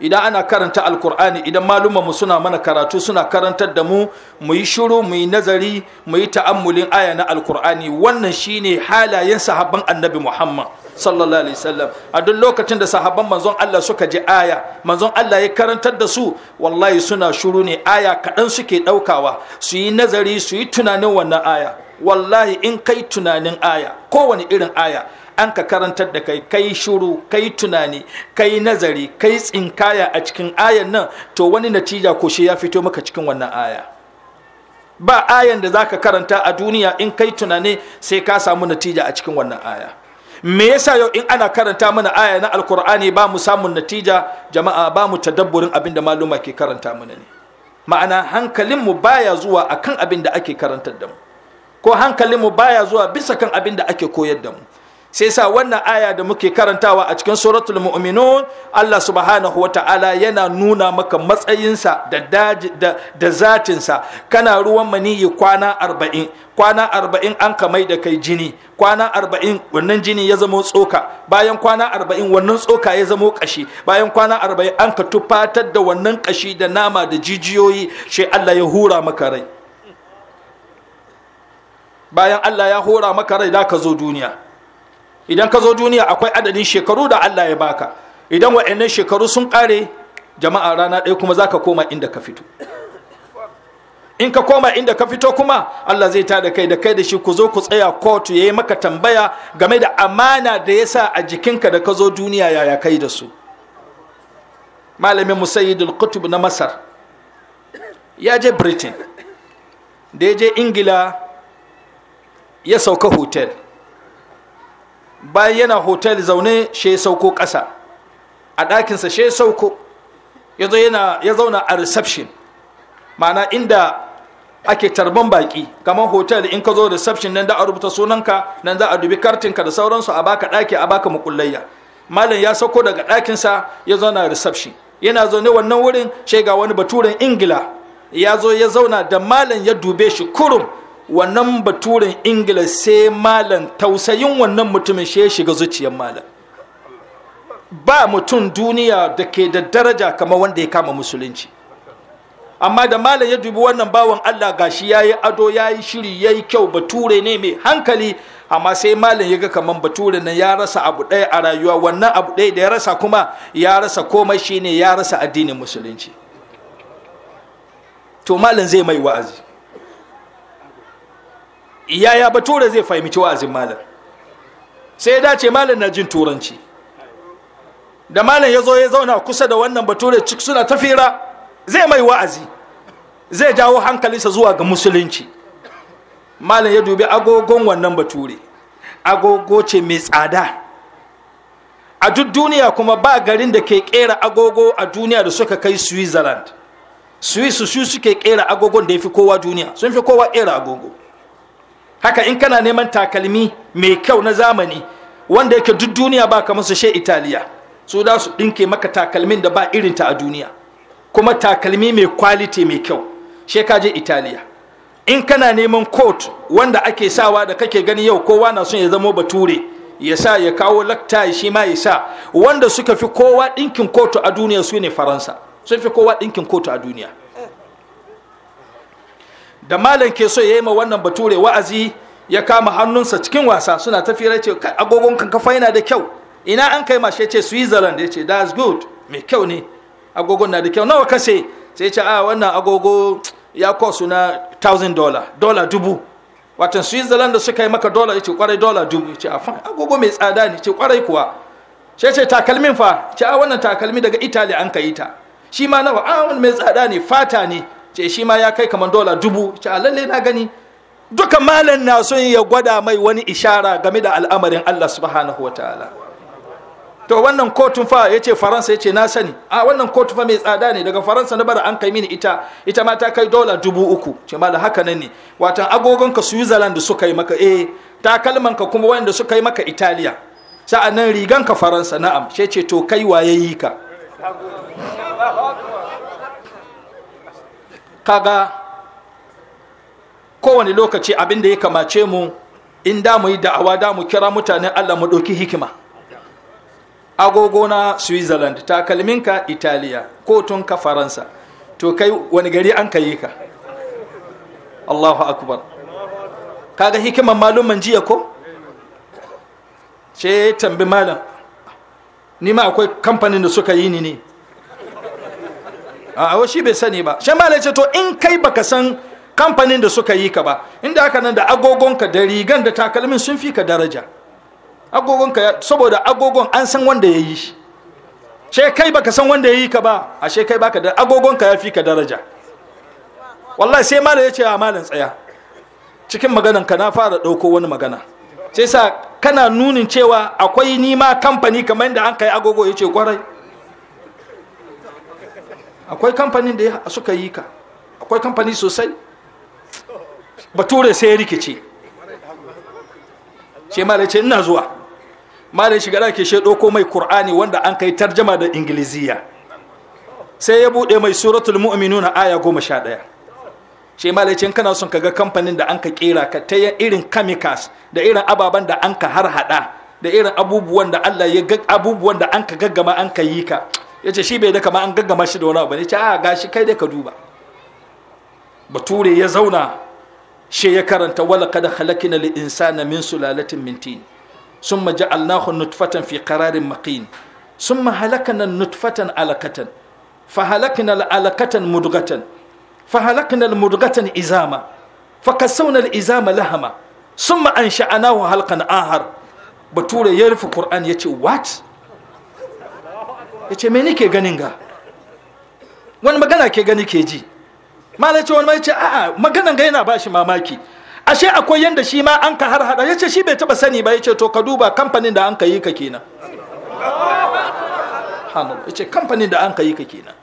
idan ana karanta alkur'ani idan malumanmu suna mana karatu suna karantar da mu mu yi shiru mu yi nazari mu yi ta'ammulin aya na alkur'ani wannan shine halayen sahabban annabi muhammad sallallahu alaihi wasallam a duk lokacin da sahabban manzon Allah suka ji aya manzon Allah ya karantar da su wallahi suna shiru ne aya kaɗan suke ɗaukawa su yi nazari su yi tunanin wannan aya wallahi in kai tunanin aya kowane irin aya an ka karantar da kai kai shuru kai tunani kai nazari kai tsinkaya a cikin ayan nan to wani natija ko shi ya fito maka cikin wannan aya ba ayan da za ka karanta a duniya in kai tunani sai ka samu natija a cikin wannan aya me yasa yau in ana karanta mana aya na alkur'ani ba mu samun natija jama'a ba mu tadabburin abin da maluma ke karanta mana ne ma'ana hankalin mu baya zuwa akan abin da ake karantar da mu ko hankalin mu baya zuwa bisa kan abin da ake koyar da mu sai sa wannan aya da muke karantawa a cikin suratul mu'minun Allah subhanahu wa ta'ala yana nuna maka matsayinsa da da, da zatinsa kana ruwan maniyi kwana arba'in kwana arba'in an kamai da kai jini kwana arba'in wannan jini ya zama tsoka bayan kwana arba'in wannan tsoka ya zama kashi bayan kwana arba'in an ka tufatar da wannan kashi da nama da jijiyoyi shi Allah ya hura maka rai bayan Allah ya hura maka rai da ka zo duniya idan ka zo duniya akwai adadin shekaru da Allah ya baka idan wa'annan shekaru sun kare, jama'a rana ɗaya kuma za ka koma inda ka fito in ka koma inda ka fito kuma Allah zai tada kai da kai da shi ku zo ku tsaya kotu ya yi maka tambaya game da amana da ya sa a jikinka da ka zo duniya yaya kai da su malamin musayidul qutub na masar ya je britain da ya je ingila ya sauka hotel bayan yana hotel zaune shi ya sauko ƙasa a ɗakinsa shi ya sauko ya zauna a reception Mana inda ake tarban baƙi kamar hotel in ka zo reception nan da a rubuta sunanka nan za a dubi kartinka da sauransu a baka ɗaki a baka mukullayya malam ya sauko daga ɗakinsa ya zauna reception yana zaune wannan wurin shi wani baturen ingila ya zo ya zauna da malam ya dube shi kurum wannan baturen ingila sai malam tausayin wannan mutumin shi ya shiga zuciyar malam ba mutum duniya da ke da daraja kamar wanda ya kama musulunci amma da malam ya dubi wannan bawan allah gashi ya yi ado ya yi shiri ya yi kyau bature ne mai hankali amma sai malam ya ga kamar bature nan ya rasa abu ɗaya a rayuwa wannan abu ɗaya da ya rasa kuma ya rasa komai shine ya rasa addinin musulunci to malam zai mai wa'azi yaya bature zai fahimci wa'azin malam sai ya dace malam na jin turanci da malam ya zo ya zauna kusa da wannan bature cik suna tafira zai mai wa'azi zai jawo hankalinsa zuwa ga musulunci malam ya dubi agogon wannan bature agogo ce mai tsada a duk duniya kuma ba garin da ke kera agogo a duniya da suka kai switzerland swiss su suke kera agogon da ya fi kowa duniya sun fi kowa kera agogo haka in kana neman takalmi mai kyau na zamani wanda yake duk duniya ba kamar su she italiya su da su ɗinke maka takalmin da ba irinta a duniya kuma takalmi mai kwalite mai kyau she je italiya in kana neman coat wanda ake sawa da kake gani yau kowa na son ya zamo bature ya sa ya kawo lakta shi ma ya sa wanda suka fi kowa ɗinkin kotu a duniya su ne faransa sun fi kowa ɗinkin kotu a duniya da malam ke so ya yi ma wannan bature wa'azi ya kama hannunsa cikin wasa suna tafiyar ce agogon kan kafa yana da kyau ina an kai mashe ce switzerland ya ce that's good mai kyau ne agogon na da kyau nawa kashe? sai ce a ah, wannan agogo ya kosu na thousand dollar dollar dubu watan switzerland da suka yi maka dollar ya ce kwarai dollar dubu ya ce a ah, fan agogo mai tsada ne ce kwarai kuwa sai ce takalmin fa ce a ah, wannan takalmi daga italy an ka yi ta shi ma nawa a mai tsada ne fata ne ce shi ma ya kai kamar dola dubu ce a ah, lalle na gani duka malam na son ya gwada mai wani ishara game da al'amarin Allah subhanahu wa ta'ala to wannan kotun fa yace faransa yace na sani a ah, wannan kotun fa mai tsada ne daga faransa na bara an kai mini ita ita ma ta kai dola dubu uku ce malam haka nan ne watan ka switzerland suka yi maka eh ka kuma wanda suka yi maka italiya sa'annan ka faransa na'am ce ce to kai waye yi ka kaga kowane lokaci abin da ya kamace mu in da mu yi da'awa da mu kira mutane Allah mu ɗauki hikima agogo na switzerland takalminka italiya kotunka faransa to kai wani gari an kayi ka allahu akbar kaga hikiman maluman jiya ko ce tambi malam ni ma akwai kamfanin da suka yi ni ne a wa shi bai sani ba shan malai ce to in kai baka san kamfanin da suka yi ka ba inda haka nan da agogonka da rigan da takalmin sun fi ka daraja agogonka saboda agogon an san wanda ya yi shi she kai baka san wanda ya yi ka ba she kai baka da agogonka ya fi ka daraja wallahi sai malai ya ce a malam tsaya cikin maganan ka na fara ɗauko wani magana sai sa kana nunin cewa akwai nima kamfani kamar yadda an kai agogo ya ce kwarai akwai kamfanin da suka yi ka akwai kamfani sosai bature sai ya rikice ce malace ina zuwa malai shiga da ke shaido ko mai kur'ani wanda an kai tarjama da ingiliziya sai ya bude mai suratul mu'minuna aya goma sha ɗaya ce malace kana son kaga kamfanin da an ka kera ka ta irin chemicals da irin ababen da an ka har haɗa, da irin abubuwan da Allah ya abubuwan da an ka gaggama an ka yi ka ya ce shi bai da kama an gaggama shi da wani abu ne ce a gashi kai dai ka duba bature ya zauna she ya karanta wala kada halakina li insana min sulalatin min tin summa ja'alnahu nutfatan fi qararin maqin summa halakana nutfatan alakatan fa halakna alakatan mudghatan fa halakna almudghatan izama fa kasawna izama lahama summa ansha'nahu halqan ahar bature ya rufe qur'an yace what ya ce meni ke ganin ga wani magana ke gani ke ji malai ce wani mai ce a'a maganan ga yana ba shi mamaki ashe akwai yanda shi ma an ka har hada ya ce shi bai taba sani ba ya ce to ka duba kamfanin da an ka yi ka kenan ya ce kamfanin da an ka yi ka kenan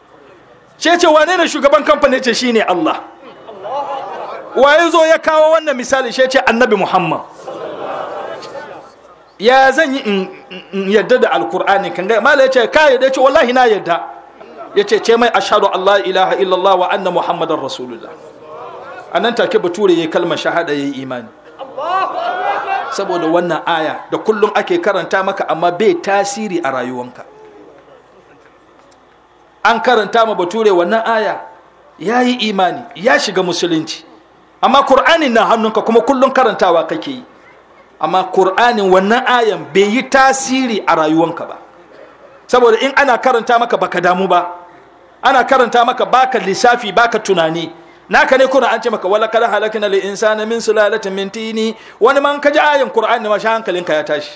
ce ce wane ne shugaban kamfanin ce shi ne Allah waye zo ya kawo wannan misali shi ce annabi Muhammad ya zan yi in yadda da alkur'ani kan ga mala yace ka yadda yace wallahi na yadda yace ce mai ashhadu allah ilaha illallah wa anna muhammadar rasulullah anan take bature yayi kalmar shahada yi imani saboda wannan aya da kullum ake karanta maka amma bai tasiri a rayuwanka an karanta ma bature wannan aya ya yi imani ya shiga musulunci amma kur'anin na hannunka kuma kullum karantawa kake yi amma qur'anin wannan ayan bai yi tasiri a rayuwanka ba saboda in ana karanta maka baka damu ba ana karanta maka baka lissafi baka tunani naka ne kuna an ce maka wala kada halakina insa insana min sulalatin min tini wani man kaji ayan qur'ani ma hankalinka ya tashi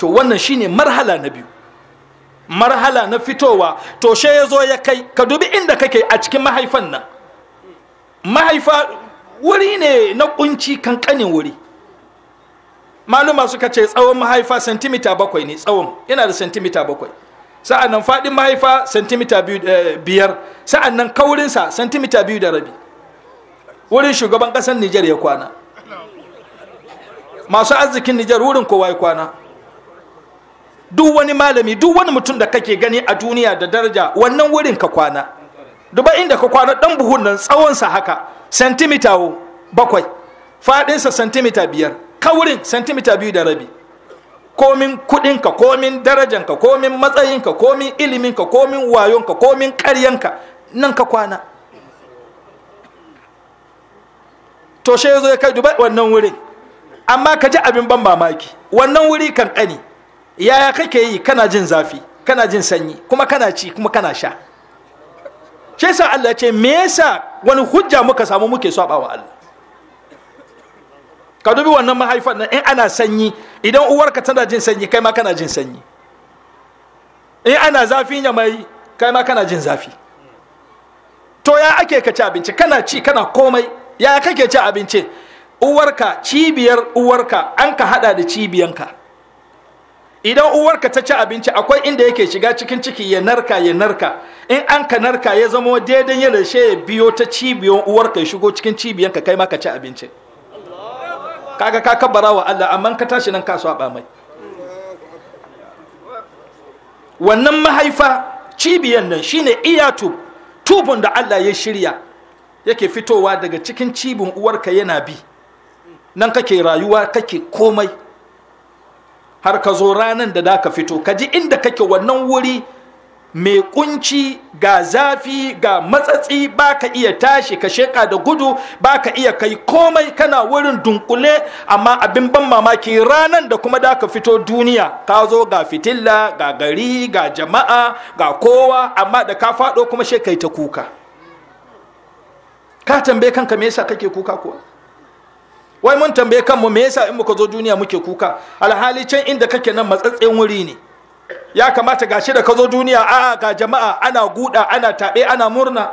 to wannan shine marhala na biyu marhala na fitowa to she ya zo ya kai ka dubi inda kake a cikin mahaifan nan mahaifa wuri ne na kunci kankanin wuri maluma suka ce tsawon mahaifa sentimita bakwai ne tsawon yana da sentimita bakwai sa'an nan faɗin mahaifa sentimita eh, biyar sa'an nan kaurinsa sentimita biyu da rabi wurin shugaban ƙasar nijar ya kwana masu arzikin nijar wurin kowa ya kwana duk wani malami duk wani mutum da kake gani a duniya da daraja wannan wurin ka kwana duba inda ka kwana dan buhun nan tsawonsa haka santimita bakwai faɗinsa santimita biyar kaurin santimita biyu da rabi komin kuɗinka komin darajanka komin matsayinka komin iliminka komin wayonka komin ƙaryanka nan ka kwana to shi ya zo ya kai duba wannan wurin amma ka ji abin ban mamaki wannan wuri kan ƙani yaya kake yi kana jin zafi kana jin sanyi kuma kana ci kuma kana sha shi yasa Allah ce me yasa wani hujja muka samu muke saba wa Allah ka dubi wannan mahaifan nan in ana sanyi idan uwarka tana jin sanyi kai ma kana jin sanyi in ana zafi ya mai kai ma kana jin zafi to ya ake ka ci abinci kana ci kana komai ya kake ci abinci uwarka cibiyar uwarka an ka hada da cibiyanka idan uwarka ta ci abinci akwai inda yake shiga cikin ciki ya narka ya narka in an ka narka ya zamo daidai ya rashe ya biyo ta cibiyan uwarka ya shigo cikin Ka kai ma ka ci abinci kaga ka kabbara wa Allah amma ka tashi nan ka ba mai wannan mahaifa cibiyan nan shine iya tub tubun da Allah ya shirya yake fitowa daga cikin cibin uwarka yana bi nan kake rayuwa kake komai har ka zo ranan da daka fito ka ji inda kake wannan wuri mai kunci ga zafi ga matsatsi baka iya tashi ka sheka da gudu baka iya kai komai kana wurin dunkule amma abin ban mamaki ranan da kuma daka fito duniya ka zo ga fitilla ga gari ga jama'a ga kowa amma da ka faɗo kuma shekai ta kuka ka tambaye kanka me yasa kake kuka kuwa wai mun tambaye kanmu me yasa in muka zo duniya muke kuka alhali can inda kake nan matsatsen wuri ne ya kamata gashi da ka zo duniya a ga jama'a ana guda ana taɓe ana murna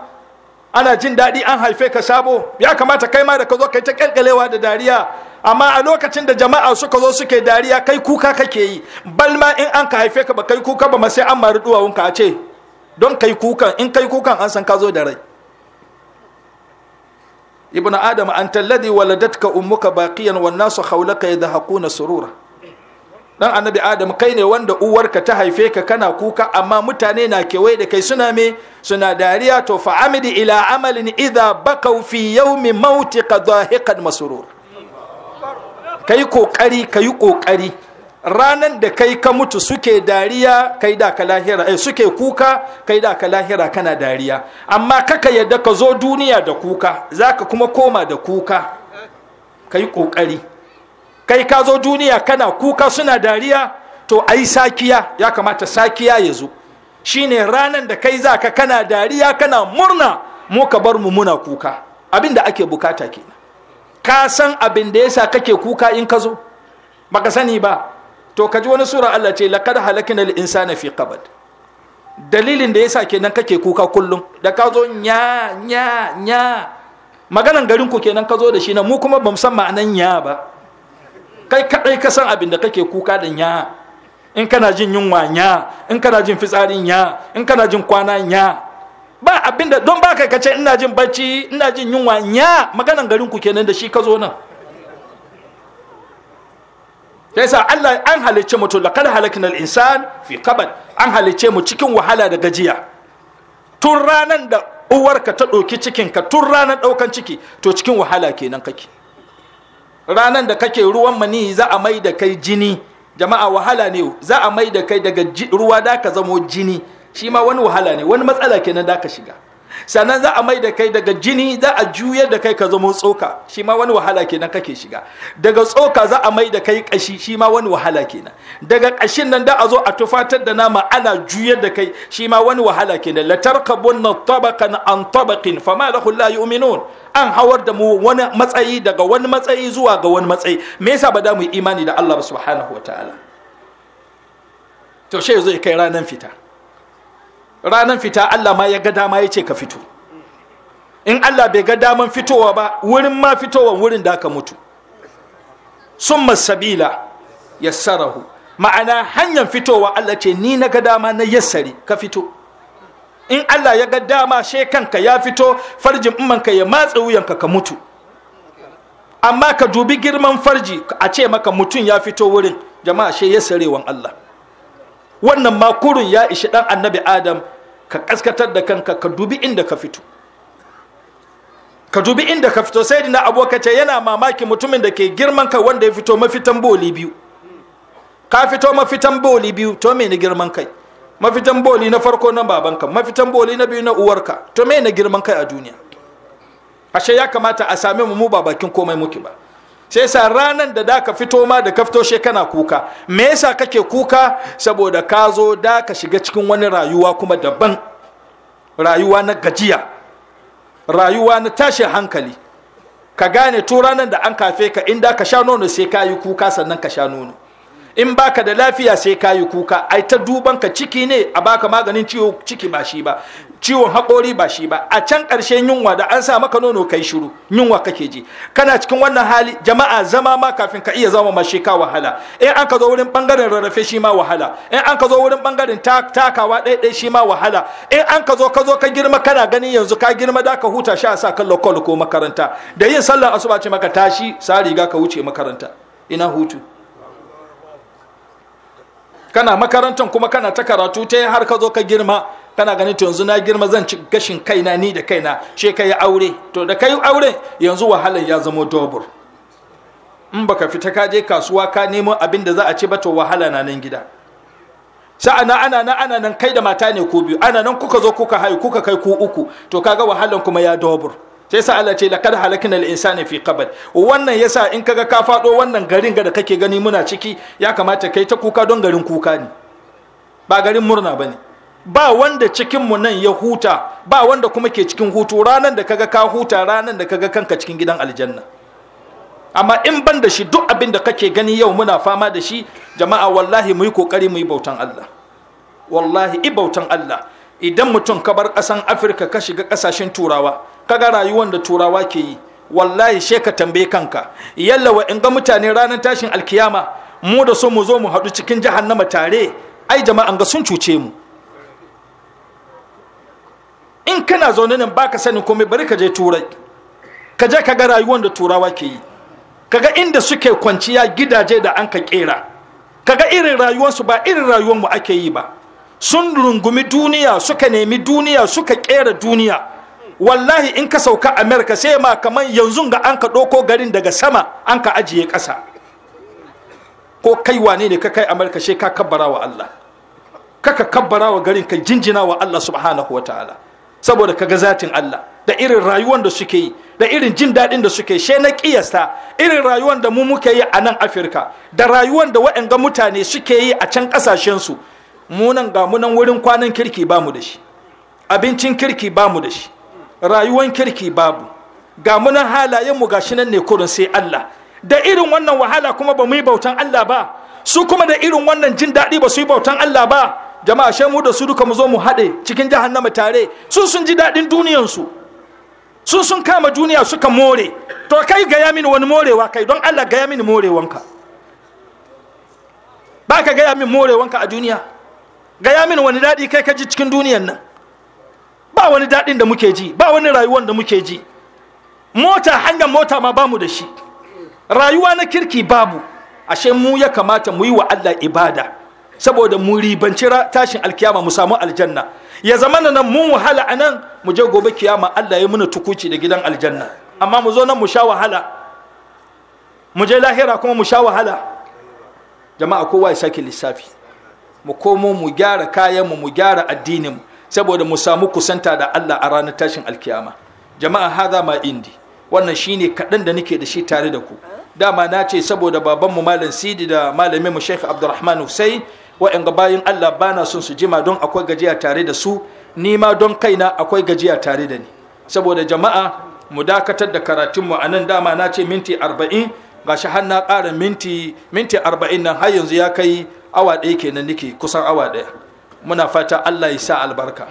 ana jin daɗi an haife ka sabo ya kamata kai ma da ka zo kai ta kyalkyalewa da dariya amma a lokacin da jama'a suka zo suke dariya kai kuka kake yi balma in an ka haife ka ba kai kuka ba ma sai an mari duwawunka a ce don kai kukan in kai kukan an san ka zo da rai ibn adam anta alladhi waladatka ummuka baqiyan wan nasu hawlaka yadhaquna surura dan annabi adam kai ne wanda uwarka ta haife ka kana kuka amma mutane na kewaye da kai suna me suna dariya to fa amidi ila amalin idha baqaw fi yawmi mautika dhahiqan masrur kai kokari kai kokari ranan da kai ka mutu suke dariya kai da ka lahira eh, suke kuka kai da ka lahira kana dariya amma kaka yadda ka zo duniya da kuka zaka kuma koma da kuka kai kokari kai ka zo duniya kana kuka suna dariya to ai sakiya ya kamata sakiya ya zo shine ranan da kai zaka kana dariya kana murna mu ka bar mu muna kuka abin da ake bukata kenan ka san abin da yasa kake kuka in ka zo baka sani ba to kaji wani sura Allah ce laqad halakna al-insana fi qabad dalilin da yasa kenan kake kuka kullum da ka zo nya nya nya maganan garin ku kenan ka zo da shi na mu kuma bam san ma'anan nya ba kai kadai ka san abin da kake kuka da nya in kana jin yunwa nya in kana jin fitsarin nya in kana jin kwana nya ba abin da don ba kai kace ina jin bacci ina jin yunwa nya maganan garin ku kenan da shi ka zo nan yasa Allah an halicce mutum laqad halaknal insan fi kabad an halicce mu cikin wahala da gajiya tun ranan da uwarka ta ɗauki ka tun ranar ɗaukan ciki to cikin wahala kenan kake ranan da kake ruwan mani za a mai da kai jini jama'a wahala ne za a mai da kai daga ruwa da ka zamo jini shi ma wani wahala ne wani matsala kenan da ka shiga sannan za a mai da kai daga jini za a juyar da kai ka zama tsoka shi ma wani wahala kenan kake shiga daga tsoka za a mai da kai kashi shi ma wani wahala kenan daga kashin nan da a zo a tufatar da nama ana juyar da kai shi ma wani wahala kenan la tarkabunna tabaqan an tabaqin fama lahu la yu'minun an hawar da mu wani matsayi daga wani matsayi zuwa ga wani matsayi me yasa ba da mu yi imani da Allah subhanahu wataala to shi zai kai ranan fita ranan fita Allah ma ya ga dama ya ce ka fito in Allah bai ga daman fitowa ba wurin ma fitowa wurin da ka mutu summa sabila yassarahu ma'ana hanyar fitowa Allah ce ni na ga dama na yassari ka fito in Allah ya ga dama she kanka ya fito farjin ka ya matsa wuyanka ka mutu amma ka dubi girman farji a ce maka mutum ya fito wurin jama'a she yassarewan Allah wannan makurun ya ishi dan annabi Adam ka kaskatar da kanka ka dubi inda ka fito ka dubi inda ka fito sai dina abokace yana mamaki mutumin da ke girman kai wanda ya fito mafitan boli biyu ka fito mafitan boli biyu to me ne girman kai mafitan boli na farko na babanka mafitan boli na biyu na uwarka to me ne girman kai a duniya ashe ya kamata a same mu mu ba bakin komai muke ba sai sa ranar da daka fito ma da kafto she kana kuka me yasa kake kuka saboda ka zo da ka shiga cikin wani rayuwa kuma daban rayuwa na gajiya rayuwa na tashin hankali ka gane to ranar da an kafe ka in da ka sha nono sai ka yi kuka sannan ka sha nono in baka da lafiya sai ka yi kuka ai ta duban ka ciki ne a baka maganin ciwo ciki ba shi ba ciwon haƙori ba shi ba a can ƙarshe yunwa da an sa maka nono kai shiru yunwa kake ji kana cikin wannan hali jama'a zama ma kafin ka iya zama mashi ka wahala in an ka zo wurin bangaren rarrafe shi ma wahala in an ka zo wurin bangaren takawa ɗaiɗai shi ma wahala in an ka zo ka zo ka girma kana ganin yanzu ka girma da ka huta sha sa kallo kallo ko makaranta da yin sallar asuba ce maka tashi sa riga ka wuce makaranta ina hutu kana makarantan kuma kana ta karatu ta har ka zo ka girma kana ganin to yanzu na girma zan ci gashin kaina ni da kaina she kai aure to da kai aure yanzu wahalar ya zama dobur in baka fita ka je kasuwa ka nemo abin da za a ci ba to wahala na nan gida sa'ana ana nan ana nan kai da mata ne ku biyu ana nan kuka zo kuka hayu kuka kai ku uku to kaga wahalan kuma ya dobur sai sa Allah ce laqad halakna al-insana fi qabl wannan yasa in kaga ka fado wannan garin ga da kake gani muna ciki ya kamata kai ta kuka don garin kuka ne ba garin murna bane ba wanda cikinmu nan ya huta ba wanda kuma ke cikin hutu ranar da kaga ka huta ranar da kaga kanka cikin gidan aljanna amma in ban da shi duk abin da kake gani yau muna fama da shi jama'a wallahi mu yi kokari mu yi bautan Allah wallahi i bautan Allah idan mutum ka bar ƙasan Afirka ka shiga ƙasashen turawa ka ga rayuwar da turawa ke yi wallahi she ka tambaye kanka yalla wa in ga mutane ranar tashin alkiyama mu da so mu zo mu haɗu cikin jahannama tare ai jama'an ga sun cuce mu in kana zaune nan baka sani komai bari ka je turai ka je ka ga rayuwar da turawa ke yi kaga inda suke kwanciya gidaje da an ka kera kaga irin rayuwarsu ba irin rayuwar mu ake yi ba sun rungumi duniya suka nemi duniya suka kera duniya wallahi in ka sauka america sai ma kamar yanzu ga an ka doko garin daga sama an ka ajiye ƙasa ko kai wane ne ka kai america sai ka kabbara wa allah ka kabbara wa garin ka jinjina wa allah subhanahu wa ta'ala saboda kaga zatin Allah da irin rayuwar da suke yi da irin jin daɗin da suke she na ƙiyasta irin rayuwar da mu muke yi a nan afirka da rayuwar da waɗanga mutane suke yi a can ƙasashensu munan ga munan wurin kwanan kirki ba mu da shi abincin kirki ba mu da shi rayuwar kirki babu ga munan halayenmu ga shi nan ne kurin sai Allah da irin wannan wahala kuma ba mu yi bautan Allah ba su kuma da irin wannan jin daɗi ba su yi bautan Allah ba jama'a shai mu da su duka mu zo mu haɗe cikin jahannama tare su sun ji daɗin duniyansu su sun kama duniya suka more to kai gaya mini wani morewa kai don allah gaya mini morewanka ba ka gaya min morewanka a duniya gaya mini wani daɗi kai ka ji cikin duniyan nan ba wani daɗin da muke ji ba wani rayuwan da muke ji mota hanyar mota ma bamu da shi rayuwa na kirki babu ashe mu ya kamata mu yi wa allah ibada saboda mu ribanci tashin alkiyama mu samu aljanna ya zama nan mun wahala a nan mu je gobe kiyama Allah ya muna tukuci da gidan aljanna amma mu zo nan mu sha wahala mu je lahira kuma mu sha wahala jama'a kowa ya sake lissafi mu komo mu gyara kayanmu mu gyara addinin saboda mu samu kusanta da Allah a ranar tashin alkiyama jama'a haza ma indi wannan shine kaɗan da nake da shi tare da ku dama na ce saboda babanmu malam sidi da malamin mu sheikh abdurrahman hussein wa'anga bayin Allah bana son su jima don akwai gajiya tare da su ni ma don kaina akwai gajiya tare da ni saboda jama'a mu dakatar da karatunmu a nan dama na ce minti arba'in gashi har na ƙara minti minti arba'in nan har yanzu ya kai awa ɗaya kenan nake kusan awa ɗaya muna fata Allah ya sa albarka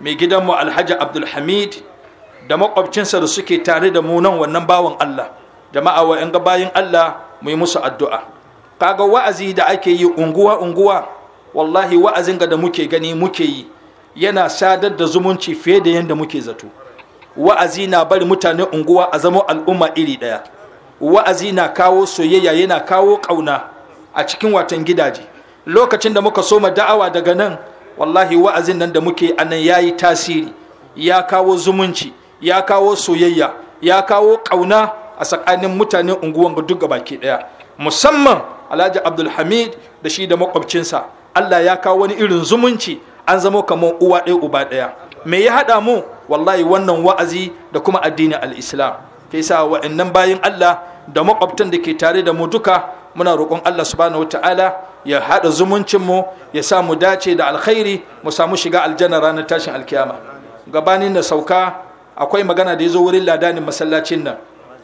mai gidanmu alhaji abdulhamid da makwabcinsa da suke tare da mu nan wannan bawan Allah jama'a wa'anga bayin Allah mu yi musu addu'a kaga wa'azi da ake yi unguwa unguwa wallahi wa'azin ga da muke gani muke yi yana sadar da zumunci fiye da yadda muke zato wa'azi na bari mutane unguwa a zama al'umma iri ɗaya wa'azi na kawo soyayya yana kawo ƙauna a cikin watan gidaje lokacin da muka soma da'awa daga nan wallahi wa'azin nan da muke a nan ya tasiri ya kawo zumunci ya kawo soyayya ya kawo ƙauna a tsakanin mutanen unguwan duk baki ɗaya musamman alhaji abdulhamid da shi da makwabcinsa allah ya kawo wani irin zumunci an zamo kamar uwa ɗaya uba ɗaya me ya haɗa mu wallahi wannan wa'azi da kuma addinin al'islam ke sa wa'annan bayan allah da makwabtan da ke tare da mu duka muna roƙon allah subhanahu wataala ya haɗa zumuncinmu ya sa mu dace da alkhairi mu samu shiga aljanna ranar tashin alkiyama gabanin da sauka akwai magana da ya zo wurin ladanin masallacin nan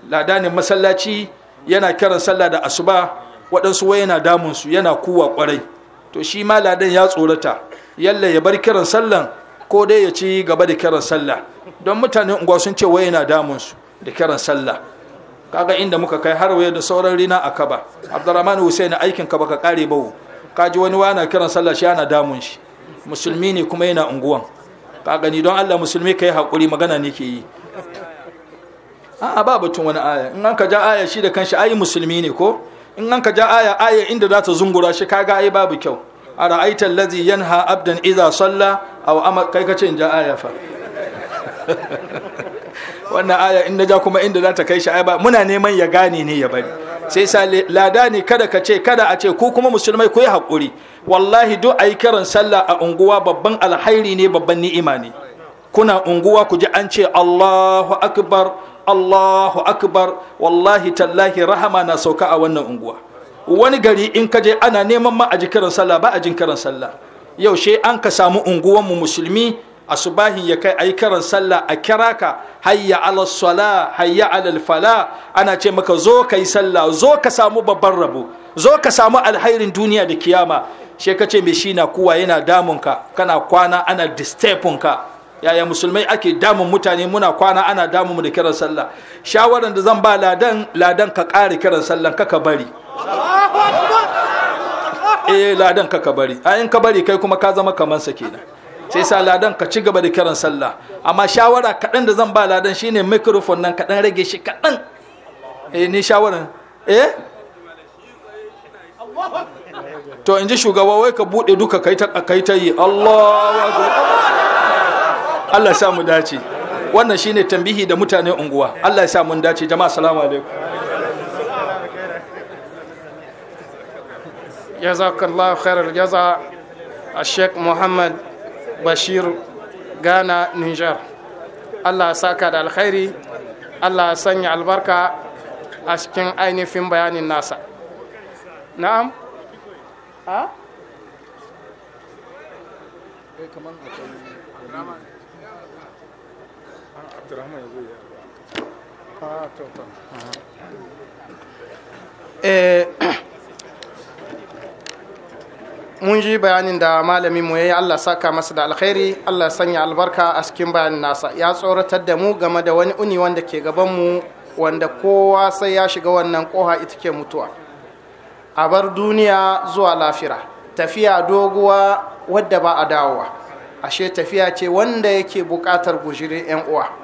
ladanin masallaci yana kiran sallah da asuba waɗansu wai yana damunsu yana kuwa ƙwarai to shi ma ladan ya tsorata yalla ya bar kiran sallan ko dai ya ci gaba da kiran sallah don mutanen unguwa sun ce wai yana damunsu da kiran sallah kaga inda muka kai har waye da sauran rina a kaba abdurrahman hussein aikin ka baka kare bawo kaji wani wana kiran sallah shi yana damun shi musulmi ne kuma yana unguwan ka gani don allah musulmi ka yi magana ne ke yi a'a ba batun wani aya in an ka ja aya shi da kanshi ayi musulmi ne ko in an ka ja aya aya inda za ta zungura shi kaga ai babu kyau a ra'aitar allazi yanha abdan Sallah, salla aw ama kai kace in ja aya fa wannan aya in na ja kuma inda za ta kai shi ai ba muna neman ya gane ne ya bari sai sa lada ne kada ka ce kada a ce ku kuma musulmai ku yi hakuri wallahi duk ayi kiran sallah a unguwa babban alhairi ne babban ni'ima ne kuna unguwa ku ji an ce Allahu akbar Allahu akbar wallahi tallahi rahama na sauka a wannan unguwa wani gari in ka je ana neman ma a ji sallah ba a jin sallah yaushe an ka samu unguwan mu musulmi asubahin ya kai aikaran sallah a kira ka hayya ala sala hayya ala fala ana ce maka zo ka yi sallah zo ka samu babban rabo zo ka samu alhairin duniya da kiyama she ka ce me shi na kuwa yana damunka kana kwana ana disturbing ka yaya musulmai ake damun mutane muna kwana ana damun mu da kiran sallah shawaran da zan ba ladan ladan ka ƙara kiran sallah kaka bari eh ladan kaka bari a in ka bari kai kuma ka zama kaman sa kenan sai sa ladan ka ci gaba da kiran sallah amma shawara kaɗan da zan ba ladan shine microphone nan kaɗan rage shi kaɗan eh ni shawaran eh to in ji shugaba wai ka buɗe duka kai ta kai ta yi Allahu akbar Allah sa mu dace wannan shine tambihi da mutane unguwa Allah ya sa mun dace jama'a assalamu alaikum jazakallahu khairal jaza Sheikh Muhammad Bashir Ghana Niger Allah ya saka da alkhairi Allah ya sanya albarka a cikin ainihin bayanin nasa na'am ha? kamar Ah, eh, mun ji bayanin da malamin mu yayi Allah saka masa da alkhairi Allah sanya albarka a cikin bayanin nasa ya tsoratar da mu game da wani uni wanda ke gaban mu wanda kowa sai ya shiga wannan koha ita ke mutuwa a bar duniya zuwa lafira tafiya doguwa wadda ba a dawowa ashe tafiya ce wanda yake buƙatar gujirin 'yan uwa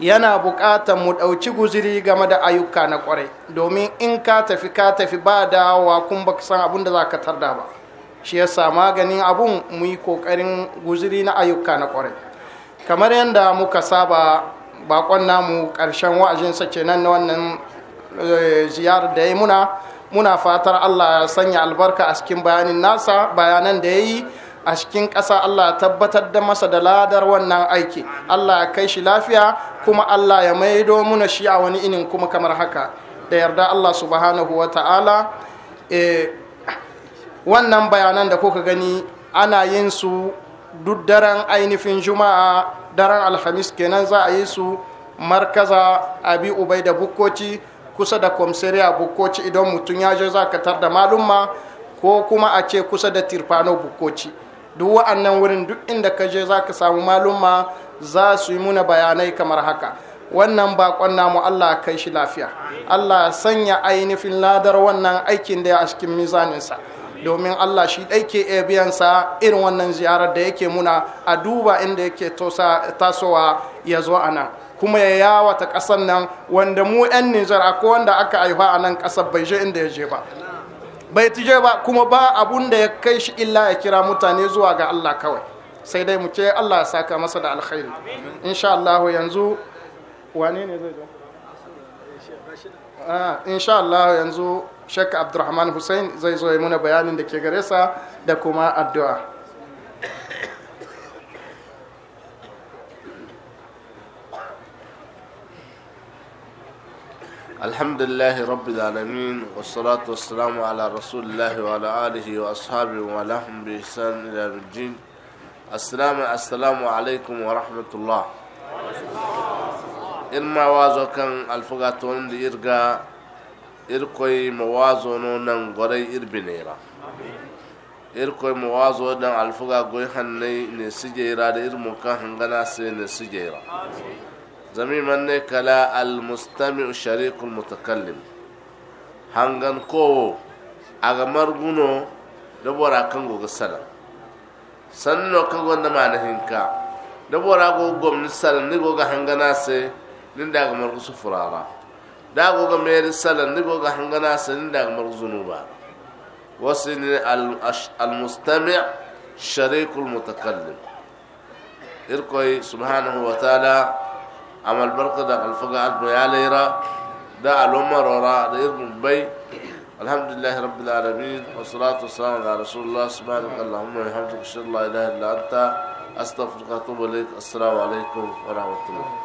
yana buƙatar mu ɗauki guziri game da ayyuka na kwarai domin in ka tafi ka tafi ba wa kun ba san abin da za ka tarda ba shi ya sa maganin abun mu yi ƙoƙarin guziri na ayyuka na kwarai kamar yadda muka saba bakon namu ƙarshen sa kenan na wannan eh, ziyarar da ya muna muna fatar allah ya sanya albarka a cikin bayanin nasa bayanan da ya yi a cikin ƙasa Allah tabbatar da masa da ladar wannan aiki Allah ya kai shi lafiya kuma Allah ya maido muna shi a wani inin kuma kamar haka da yarda Allah subhanahu wa ta'ala eh, wannan bayanan da kuka gani ana yin su duk daren ainihin juma'a daren alhamis kenan za a yi su markaza abi ubai da bukkoci kusa da komsariya bukkoci idan mutum ya je za ka tar da malumma ko kuma a ce kusa da tirfano bukkoci duk wa'annan wurin duk inda ka je za ka samu maluma za su yi muna bayanai kamar haka wannan bakon namu Allah kai shi lafiya Allah sanya ainihin ladar wannan aikin da ya a cikin mizaninsa domin Allah shi ɗaike ke iya biyansa irin wannan ziyarar da yake muna a duba inda yake tasowa ya zo a nan kuma ya ta ƙasar nan wanda mu 'yan Nijar ko wanda aka haifa a nan ƙasar bai je inda ya je ba bai tije ba kuma ba abun da ya kai shi illa ya kira mutane zuwa ga Allah kawai sai dai mu ce Allah ya saka masa da alkhairi insha Allah yanzu wane ne zai zo ah, insha Allah yanzu Sheikh Abdulrahman Hussein zai zo ya muna bayanin da ke gare sa da kuma addu'a الحمد لله رب العالمين والصلاة والسلام على رسول الله وعلى آله وأصحابه ولهم بإحسان إلى الدين السلام السلام عليكم ورحمة الله إلما وازو كان الفقاتون لإرقى إرقوي موازو نونان غري إربنيرا إرقوي موازو نان الفقا قوي حني نسجيرا لإرمو كان هنغنا سي نسجيرا آمين zami manne kala almustami'u sharikul mutakallim hangan kowo aga marguno da bora kan goga sala sanno kan gonda mana hinka da bora go gomni sala ni goga hangana se da daga marguso furara da goga meri sala ni goga hangana se da daga margu ba wasu ne almustami' sharikul mutakallim irkoi subhanahu wa ta'ala amal barkada alfaga albayaaleyra da وراء دير مبي الحمد لله رب العالمين والصلاة والسلام على رسول الله سبحانك اللهم وبحمدك أشهد أن لا إله إلا أنت أستغفرك وأتوب إليك السلام عليكم ورحمة الله